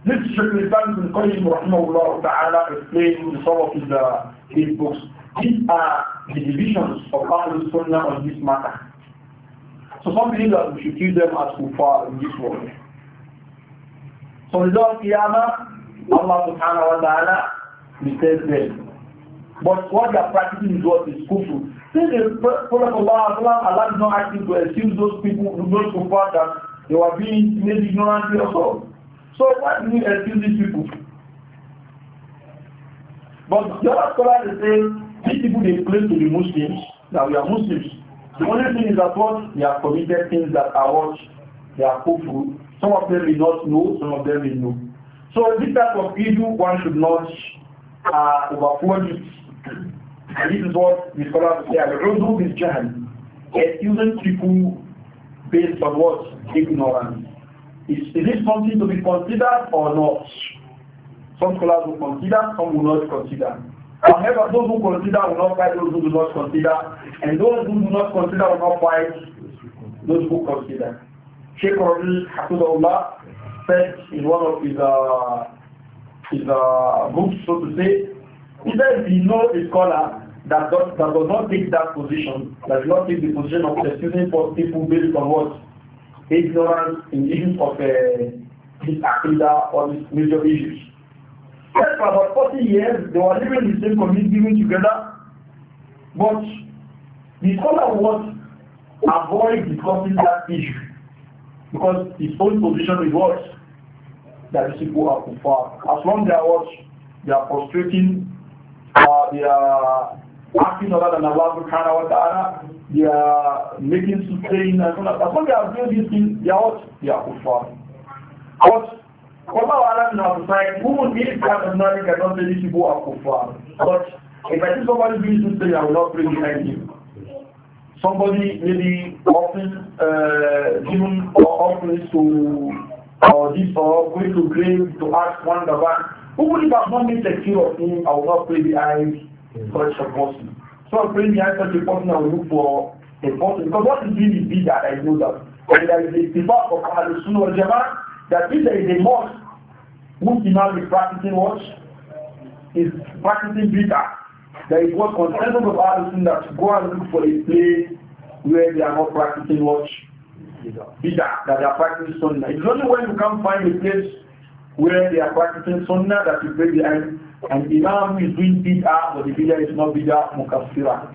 This Shaykh Islam bin Qayyim rahimahullah ta'ala explained in some of his, uh, his books. These are the divisions of Ahlul Sunnah on this matter. So some believe that we should treat them as kuffar in this world. So the day Qiyamah, Allah subhanahu wa ta'ala them. But what they are practicing is what is kufr. Since the Prophet Allah, Allah is not asking to excuse those people, those kuffar that they were being made ignorant or so. So why do we excuse these people? But the other scholars saying. These people, they claim to be Muslims, that we are Muslims. The only thing is that what? They have committed things that are what? They are hopeful. Some of them will not know, some of them will know. So this type of evil, one should not uh, overflow it. And this is what the scholars say, al-udhu is jahl. Excusing people based on what? Ignorance. Is, is this something to be considered or not? Some scholars will consider, some will not consider. However, those who consider will not fight those who do not consider, and those who do not consider will not fight those who consider. Sheikh Rabi Hafizullah said in one of his, uh, his uh, books, so to say, he said he knows a scholar that does, that does not take that position, that does not take the position of excusing for people based on what? Ignorance in issues of uh, this aqidah or these major issues. Yes, for about 40 years, they were living in the same community, living together. But the scholar was avoid discussing that issue because his own position is what? That the people are far. As long as they are what? They are frustrating, uh, they are acting other than Allah subhanahu wa ta'ala, they are making sustain and As long as they are doing these things, they are what? They are kufar. But Wallahu alam now, like, who would need that knowledge that not really people are kuffar? But if I see somebody doing this thing, I will not pray behind him. Somebody maybe often uh, given or often to or this or going to grave to ask one the one who would have not made the cure of him, I will not pray behind such a person. So I pray behind such a person, I will look for a person. Because what is really big that I know that. And there is a debate of Ahlul Sunnah wal Jama'ah that if there is a mosque which Imam is practicing what? Is practicing bid'ah. There is what consensus of others in that go and look for a place where they are not practicing what? Bid'ah, that they are practicing sunnah. is only when you can find a place where they are practicing sunnah that you pray behind and Imam is doing bid'ah, but the bid'ah is not bid'ah, mukaffirah.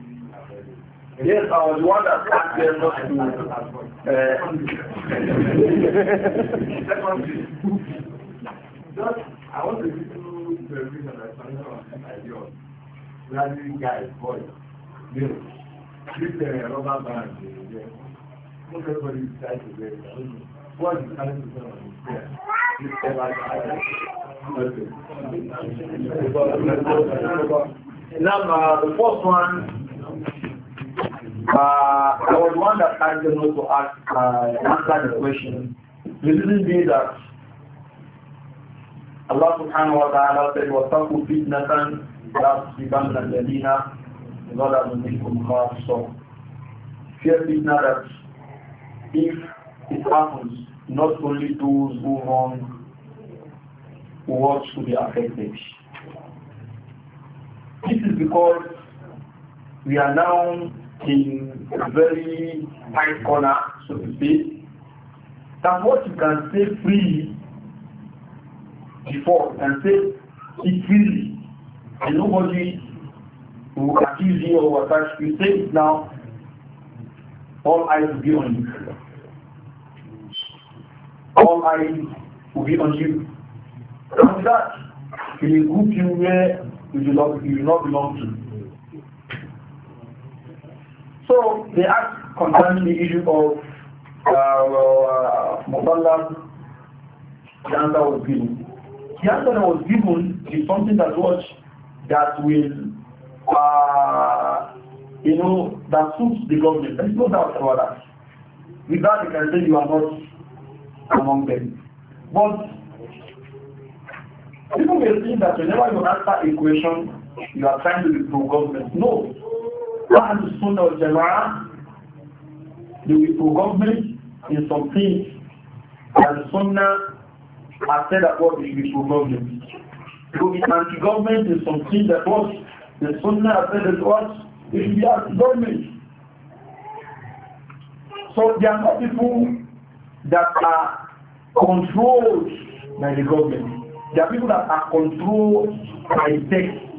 Yes, I was one that asked them not to. Secondly, uh, I want to give you the reason I found out idea of grabbing guys, boys, males. This uh, rubber band, uh, yeah. Not everybody is tied to wear What is trying to do on This ever Okay. Now, uh, the first one Uh, I was one that asked them to ask, uh, answer the question. This is mean that Allah subhanahu wa ta'ala said, وَتَقُوا فِتْنَةً لَا تُصِبَنَّ الَّذِينَ ظَلَمُوا مِنْكُمْ خَاصَّةً Fear fitna that if it happens, not only those who wrong what should be affected. This is because we are now in a very tight corner, so to say, than what you can say freely before and say it freely. And nobody will accuse you or attack you. Say it now. All eyes will be on you. All eyes will be on you. After that, in a group you where you do not belong to. So they asked concerning the issue of uh, uh Muballah, the answer was given. The answer that was given is something that was that will uh, you know that suits the government. There's no doubt about that. With that you can say you are not among them. But people may think that whenever you answer a question, you are trying to be pro government. No. Ahlus Sunnah wal Jama'ah, they will government in some things that Sunnah has said that what is with government. They will be government in some that what the Sunnah has said that what they should government So there are people that are controlled by the government. There are people that are controlled by text.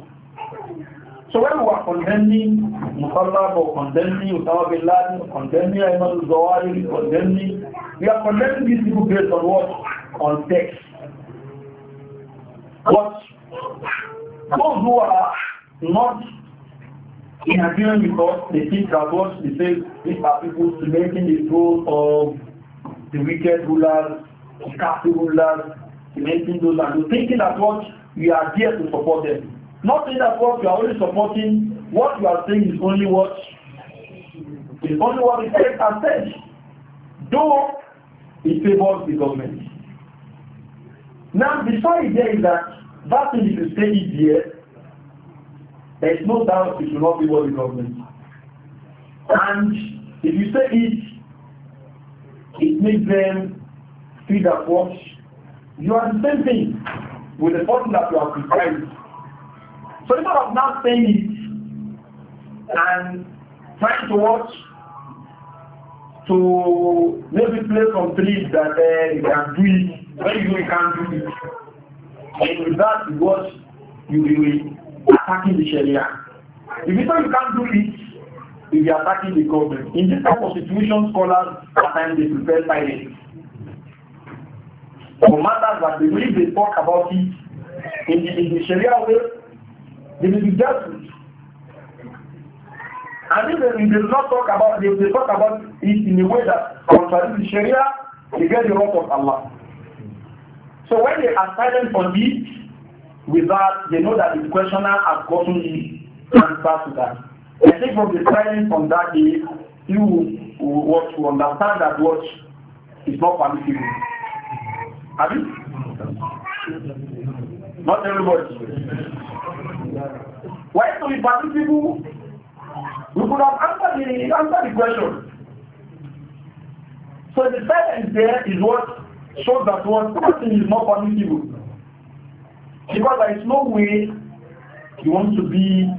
So when we are condemning Musallab or condemning Osama bin Laden, condemning Ayman al-Zawahiri, condemning, we are condemning these people based on what? On But those who are not in agreement with us, they think that what they say, these are people cementing the throne of the wicked rulers, the castle rulers, cementing those and thinking that what we are there to support them. Nothing that what you are only supporting, what you are saying is only what is only what the state has said. Though it favors the government. Now the story there is that that thing is a steady it there is no doubt it will not favor the government. And if you say it, it makes them feel that what you are the same thing with the person that you are criticizing. So instead of now saying it and trying to watch to maybe play some tricks that uh, you can do it when you know you can't do it. And with that you watch you will attacking the Sharia. If you say you can't do it, you'll be attacking the government. In this type of situation, scholars at times they prepare silence. For matters that they believe talk about it in the, in the Sharia way, They will be judged. And if they, they not talk about if they talk about it in a way that contradicts the Sharia, they get the wrath of Allah. So when they are silent on it, with that, they know that the questioner has gotten the answer to that. I think from the silence on that day, you will to understand that what is not permissible. Have you? Not everybody. Why do we battle people? We could have answered the, answered the question. So the silence there is what shows that what person is not permissible. Because there is no way you want to be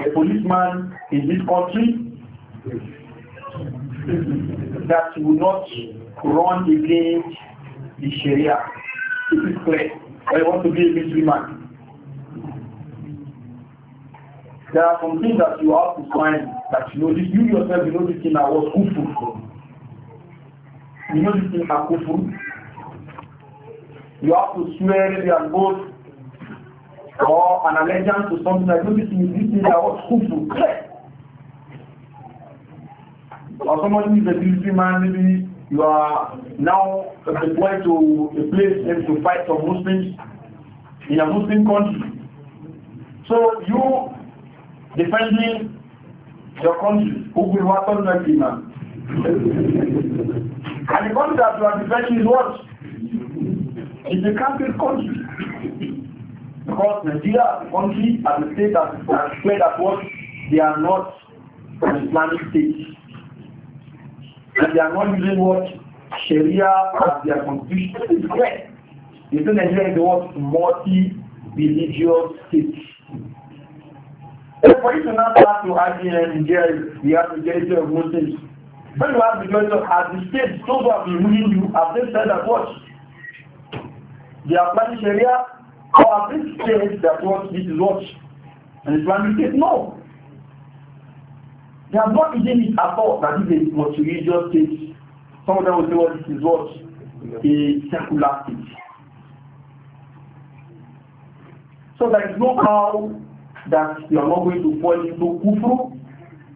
a policeman in this country that will not run against the Sharia. This is clear. I want to be a military man. There are some things that you have to find that you know this, you yourself, you know this thing that was kufu. You know this thing that kufu. You have to swear maybe an oath or an allegiance to something like this thing, this thing that was kufu. Or somebody is a military man, maybe you are now deployed to a place maybe to fight for Muslims in a Muslim country. So you depending your country, who will happen next demand? and the country that you are defending is what? It's a country country. Because Nigeria as a country, as a state that has played that what they are not an Islamic state. And they are not using what Sharia as their constitution is correct. You think Nigeria is what multi-religious state for you to not start eh, to argue and engage the majority of Muslims, when you have the majority of at the state, those who have been ruling you, have they said that what? They are planning Sharia, or have they said that what? This is what? And Islamic state? No. They have not even it at all that this is what religious state. Some of them will say, well, this is what? A secular state. So there is no how that you are not going to fall into kufru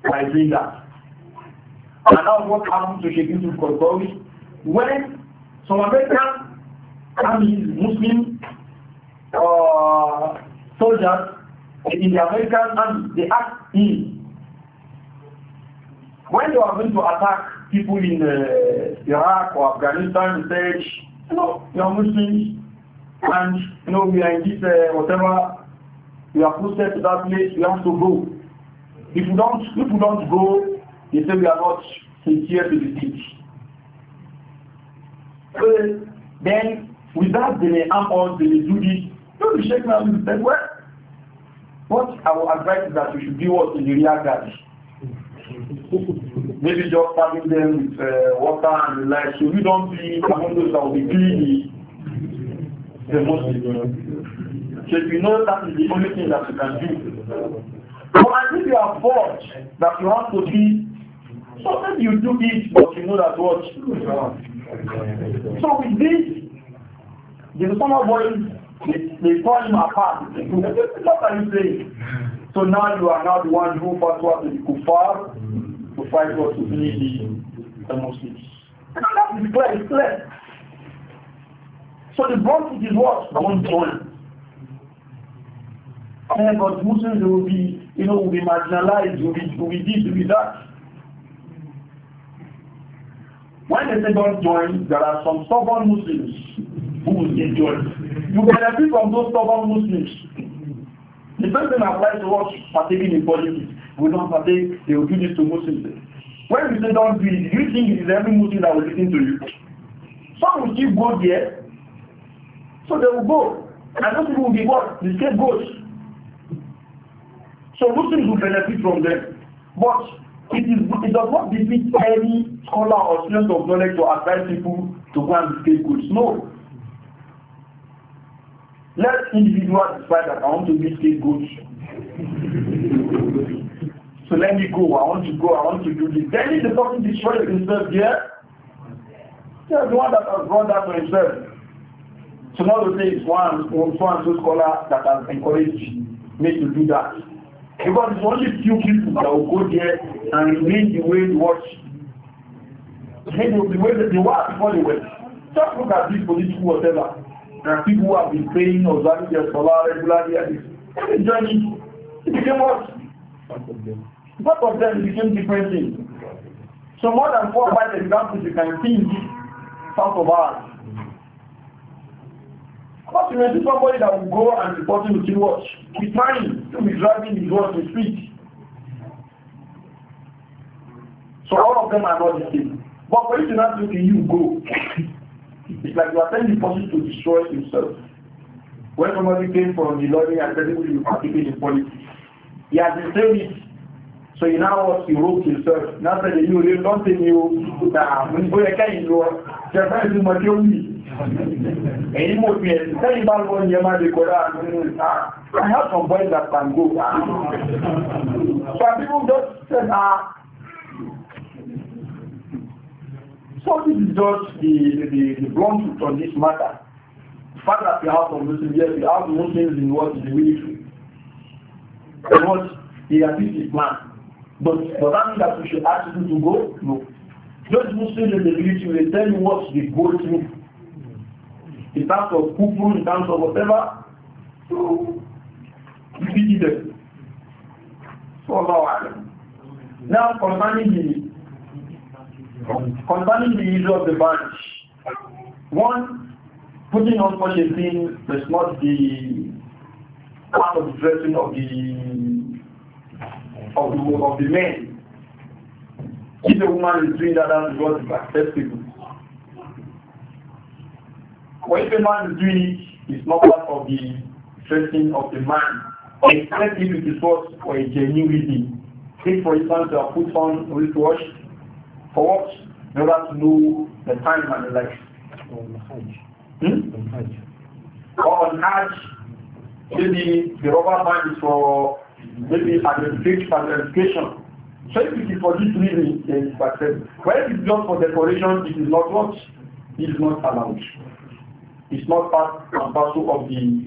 by doing that. And now what happened to Sheikh Yusuf Korbawi? When some American armies, Muslim uh, soldiers in the American army, they asked him, when you are going to attack people in uh, Iraq or Afghanistan, they said, you know, you are Muslims, and you know, we are in this uh, whatever you are posted to that place, you have to go. If you don't, if you don't go, they say we are not sincere to the deed. So then, without the arm on, they do this. Don't be shaking out and say, well, what our advice is that you should do what in the real garden. (laughs) Maybe just serving them with uh, water and the like, so you don't be among those that will be clean the Muslim. That you know that is the only thing that you can do. But I if you are forced that you have to be, so then you do it, but you know that what? So with this, the former boys, they, they in him apart. what are you saying? So now you are now the one who first was the kuffar to fight what to finish the, the Muslims. And that is clear, it's clear. So the bond is what? Don't join. And but Muslims will be, you know, will be marginalized, will be, will be this, will be that. When they say don't join, there are some stubborn Muslims who will get joined. You benefit from those stubborn Muslims. The same thing applies to us partaking in politics. We don't partake, they will do this to Muslims. When you say don't do it, do you think it is every Muslim that will listen to you? Some will still go there, so they will go. And those people will be what? The scapegoats. So Muslims will benefit from them. But it, is, it does not defeat any scholar or student of knowledge to advise people to go and take goods. No. Let individuals decide that I want to be scapegoats. so let me go. I want to go. I want to do this. Then if the person destroys himself here, yeah, the one that has brought that to himself. So now the thing is one, one, one scholar that has encouraged me to do that. Because it's only few people that will go there and remain the way they watch. They will be way they were before they went. Just look at this political whatever. There are people who have been paying or observing their salah regularly and this. They join it. became what? Both of them of became different things. So more than four or five examples you can think south of us What you see somebody that will go and report him to watch? He's married, he'll be driving his watch to speed. So all of them are not the same. But for you to not do you go. (laughs) it's like you are telling the person to destroy himself. When somebody came from the lobby and said, he you participate in politics, he has been saying it. So you now what you wrote yourself. Now that you don't think you that when you go again, you are just trying to make And he fi be a bá lọ ní ẹmá lè kọ́lá I have some boys that can go. Some people just said, ah, so this is just the, the, the blunt truth on this matter. The fact that we have some Muslims, yes, we have Muslims in what is the military. And what they appeal is plan. But does that mean that we should ask you to go? No. Those Muslims in the military, they tell you what they go through. in terms of kufu, in terms of whatever. So, you see them. So, Allah Alam. Now, concerning the, concerning the issue of the badge, one, putting on such a thing does not the part of the dressing of the, of the, of the men. If a woman is doing that, that's what acceptable. What if a man is doing it, it's not part of the dressing of the man. Except if it is what for a genuine reason. Take for instance, you have put on wristwatch for what? In order to know the time and the life. On Hajj. Hmm? On Hajj. Or on Hajj, maybe the rubber band is for maybe identification. So if it is for this reason, then it is accepted. Well, if it's just for decoration, it is not what? It is not allowed. It's not part and parcel of the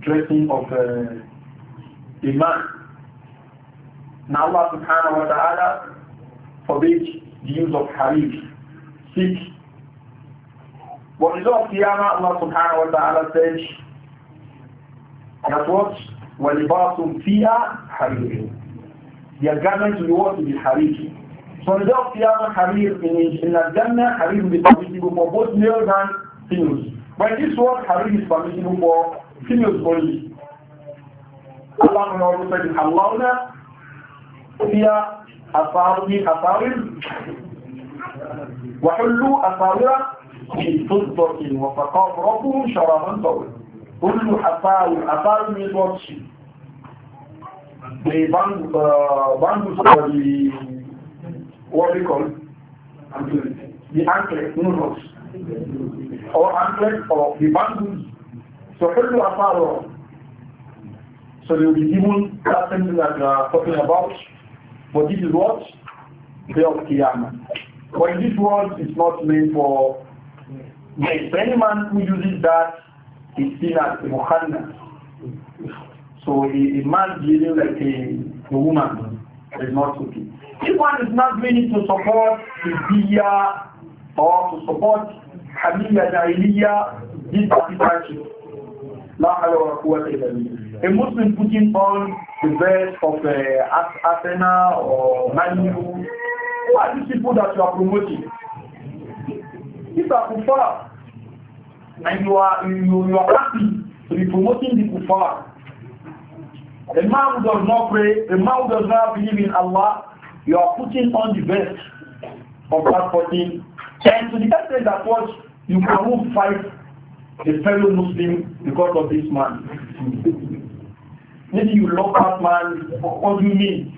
dressing of uh, the man. Now Allah subhanahu wa ta'ala forbids the use of harir, silk. What is of Qiyamah, Allah subhanahu wa ta'ala says, that what? وَلِبَاسٌ فِيهَا حَرِيرٌ Their garment will be what? to be harir. So the day of Qiyamah, harir in, in Al-Jannah, harir will be permissible for both males and females. But this one Harry is permissible for females only. Allah will also say, Allahuna, Sia, Asari, Asari, وحلوا أساورا من فضة وسقاهم ربهم شرابا طويلا كل أساور أساور من وحشي the band, uh, band for the what we call the anklet, no knots. or anklet or the bangles. So Hillu Afaro. So they will be given that thing that we are talking about. But this is what? Day of Qiyamah. But in this world, it's not meant for men. So any man who uses that is seen as a muhanna. So a, a man behaving like a, a woman is not okay. This one is not willing to support the beer or to support Hamiyya Jahiliya, this anti La hawla wa A Muslim putting on the dress of uh, Athena or Manu. Who are these people that you are promoting? These are kuffar. And you are, you, you are happy to be promoting the kufar. A man who does not pray, a man who does not believe in Allah, you are putting on the best of that person. And to the extent that what You cannot fight a fellow Muslim because of this man. Maybe you love that man. What do you mean?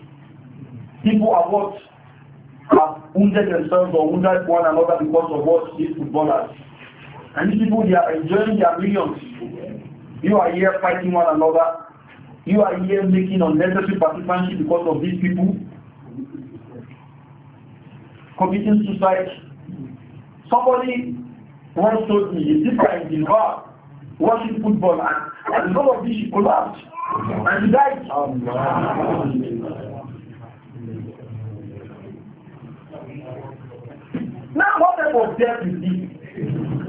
People are what have wounded themselves or wounded one another because of what these footballers. And these people, they are enjoying their millions. You are here fighting one another. You are here making unnecessary participation because of these people. Committing suicide. Somebody One wọ́n so ìyè different in bar watching football and, and all of this she collapsed and she died. Now what type of death is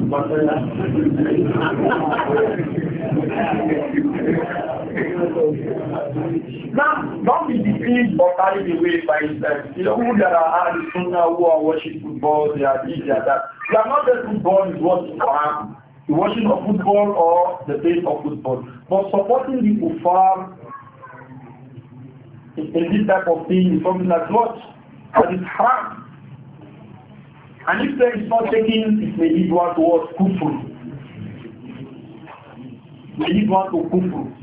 this? (laughs) Now, don't be deceived or carried away by himself. You know, who there are hard sunnah who are watching football, they are this, they are that. they are not that football is what you are. The watching of football or the taste of football. But supporting the kuffar in, in this type of thing is something that's what? That is haram. And if there is not taking, it may lead one towards kufr. May lead one to kufr.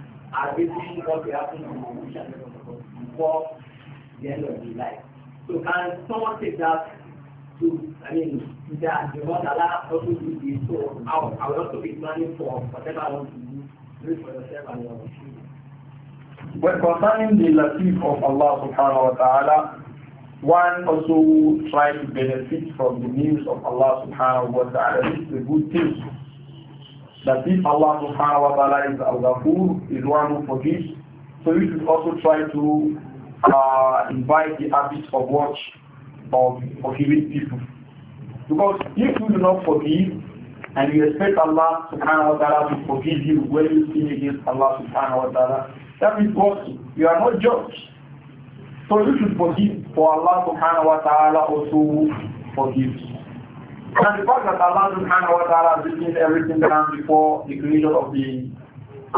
are basically what will happen in evolution before the end of the life. So can someone take that to, I mean, that the one Allah also do this, so I will, I will also be planning for whatever I want to do, do for yourself and your children. When concerning the latif of Allah subhanahu wa ta'ala, one also try to benefit from the news of Allah subhanahu wa ta'ala. This is a good thing. that if Allah subhanahu wa ta'ala is al-Ghafur, is one who forgives, so you should also try to uh, invite the habit of watch of forgiving people. Because if you do not forgive, and you expect Allah subhanahu wa ta'ala to forgive you when you sin against Allah subhanahu wa ta'ala, that means what? You are not judged. So you should forgive, for Allah subhanahu wa ta'ala also forgives. And the fact that Allah subhanahu wa ta'ala brings everything down before the creation of the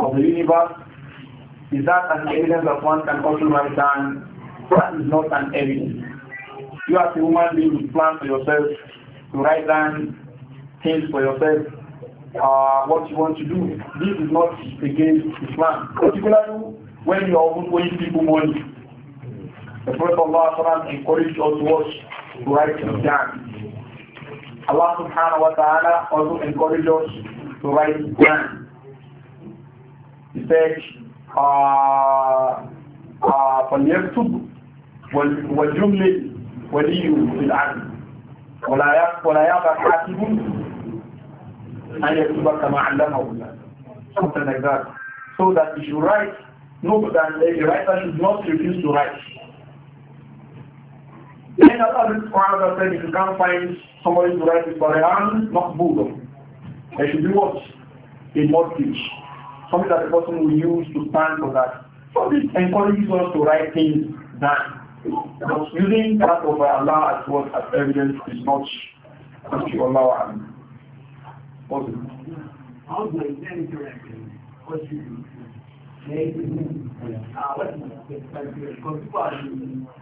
of the universe is that an evidence that one can also understand that is not an evidence. You as a human being you plan for yourself, to write down things for yourself, uh, what you want to do. This is not against Islam. Particularly when you are owing people money. The Prophet Allah encouraged us to to write things down. Allah subhanahu wa ta'ala also encouraged us to write Quran. He said, uh, uh فَلْيَكْتُبْ وَالْجُمْلِ ولي في العدل ولا ولا يقف حاسب أن يكتب كما علمه الله something like that so that if you write no you the writer should not refuse to write then Allah subhanahu wa if you can't find somebody to write the Quran, maqbulun. There should be what? A mortgage. Something that the person will use to stand for that. So this encourages us to write things that Because using that of Allah as what as evidence is not Thank you, Allah. What's it? do then uh, what you do? uh,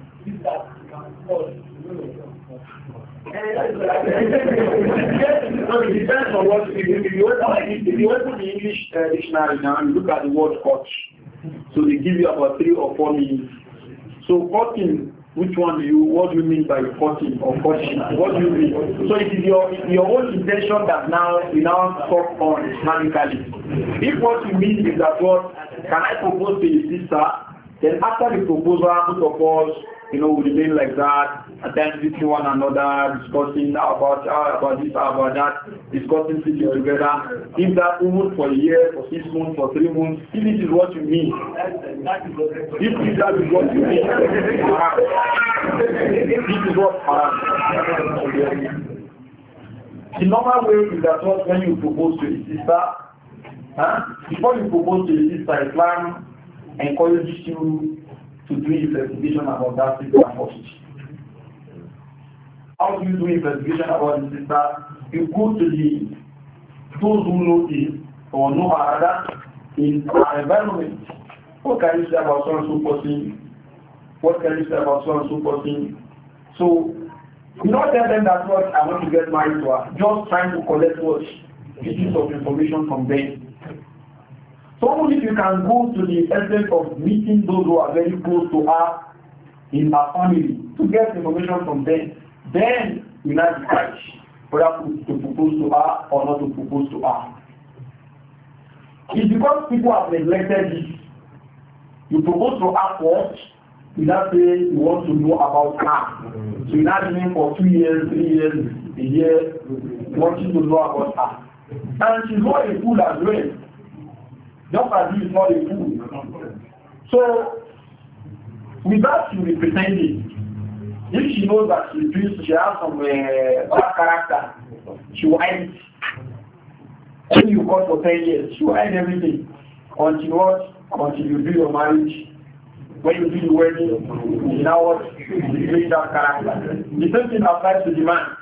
it depends on what, if you, if you, if you open the English uh, dictionary now and look at the word coach, so they give you about three or four meanings. So cutting, which one do you, what do you mean by cutting or coaching? What do you mean? So it is your, your own intention that now we now talk on Islamically. If what you mean is that what, can I propose to your sister? Then after the proposal, both of course you know, we remain like that, and then one another, discussing about, uh, about this, ah, about that, discussing things together. If that woman for a year, for six months, for three months, if this is what you mean, if this that is what you mean, this is what haram. The normal way is that what when you propose to your sister, huh? before you propose to your sister, Islam encourages you to do investigation about that sister first. How do you do investigation about the sister? You go to the those who know him or know her other in our environment. What can you say about so and so person? What can you say about so and so person? So you not tell them that what I want to get married to her, just trying to collect what pieces of information from them. So only if you can go to the essence of meeting those who are very close to her in her family to get information from them, then you now decide whether to propose to her or not to propose to her. It's because people have neglected this. You propose to her first, you now say you want to know about her. So you now remain for two years, three years, a year, wanting to know about her. And she's not a fool as well. Just as he is not a fool. So, without she will be pretending, if she knows that she thinks she has some uh, bad character, she will hide it. you call for 10 years, she will hide everything. Until what? Until you do your marriage. When you do the wedding, you know what? You bring that character. The same thing applies to the man.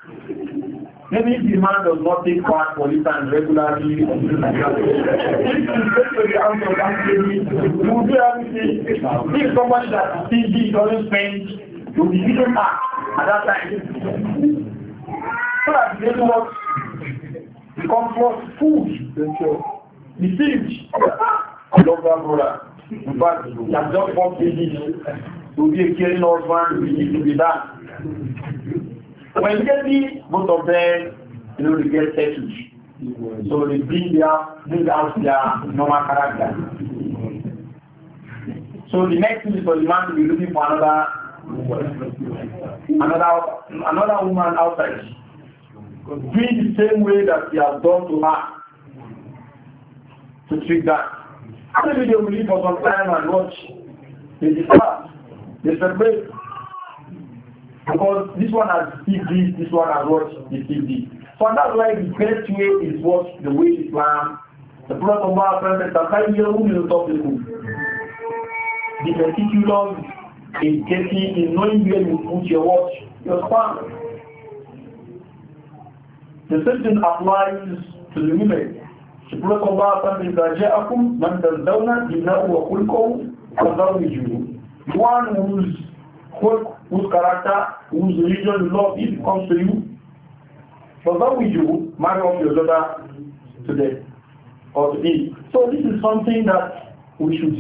Maybe the man does not take part for this time regularly. if you take to the house of that baby, you will do everything. If somebody that is stingy doesn't spend, you will be given back at that time. So that the baby works becomes worth food. The siege. I love that brother. In fact, that's just what baby to be a caring husband, we need to be that. When they see both of them, you know, they get settled. So they bring their, bring out their normal character. So the next thing is for the man to be looking for another, another, another woman outside. Doing the same way that he has done to her. To treat that. Maybe they will live for some time and watch. They depart. They separate. Because this one has this, this one has what is this. So that's why the best way is what the way Islam, the Prophet of Allah said, Be meticulous is getting, in knowing where you put your watch, your span. The same thing applies to the women. The Prophet of Allah said, إِذَا جَاءَكُمْ مَنْ تَزْدَوْنَ دِينَهُ وَخُلْقَهُ فَزَوِّجُوهُ The one who's whose whose character, whose religion you love, if it comes to you, but what will you marry off your daughter today or today? So this is something that we should.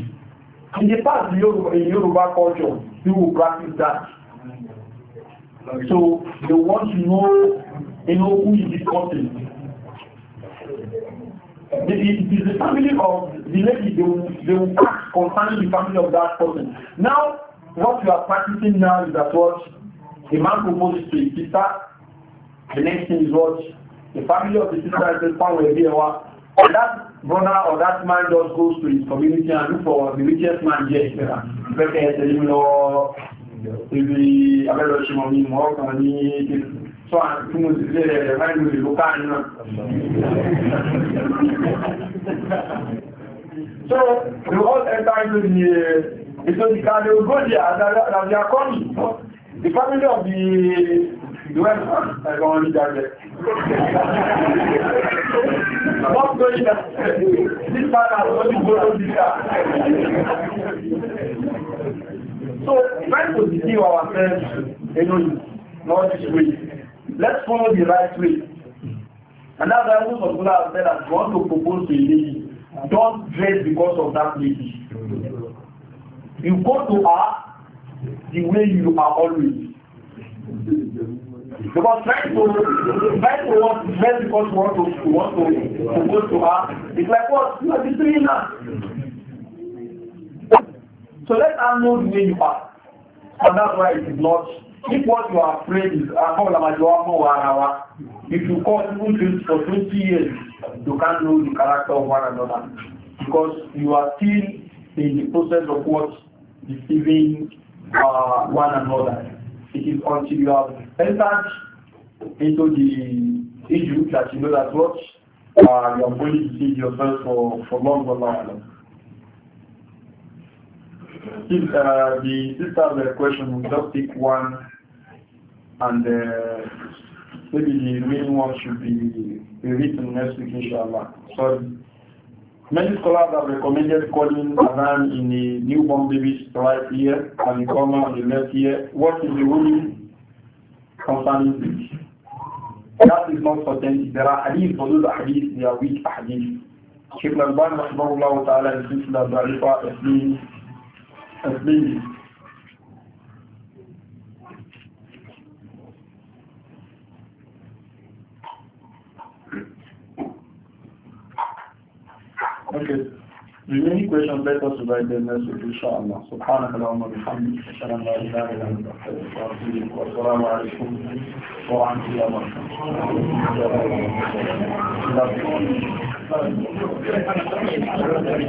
In the past, in Yoruba, in Yoruba culture, people practice that. So they want to know, you know, who is this person. It is the family of the lady, they will, they will ask concerning the family of that person. Now, what you are practicing now is that what a man proposes to his sister, the next thing is what the family of the sister is found will be are. and that brother or that man just goes to his community and look for the richest man here. So i the eh, (laughs) So we all enter into the It was Carlo Godia Rabiakoni, the family of the Duel I don't want to that. Not going that. This man has only borrowed this car. So, try to deceive ourselves, you know, not this way. Let's follow the right way. And that's why most of the have said that want to propose to a lady, don't dress because of that lady. You go to her the way you are always. Because trying to trying to want Men because you want to want to, to go to her, it's like what you are destroying her. So let her know the way you are, and that's why it is not. If what you are afraid is Akolamadioamowarawa, ah, if you call people for 20 years, you can't know the character of one another because you are still in the process of what deceiving uh, one another. It is until you have entered into the issue that you know that what uh, you are going to deceive yourself for, for long, long, If uh, the sister's question, we'll just pick one and uh, maybe the remaining one should be written next week, inshallah. Sorry. Many scholars have recommended calling Adhan in the newborn baby's right ear and the comma on the left ear. What is the ruling concerning this? That is not authentic. There are hadith, for those hadith, they are weak hadith. Sheikh Al-Ban, Rahmahullah Ta'ala, in Sisla Zarifa, explains this. Okay. Remaining questions, let us divide them next week, inshallah. Subhanak Allahumma bihamdi. Shalom wa rahmatullahi wa barakatuh. Wa salamu alaikum wa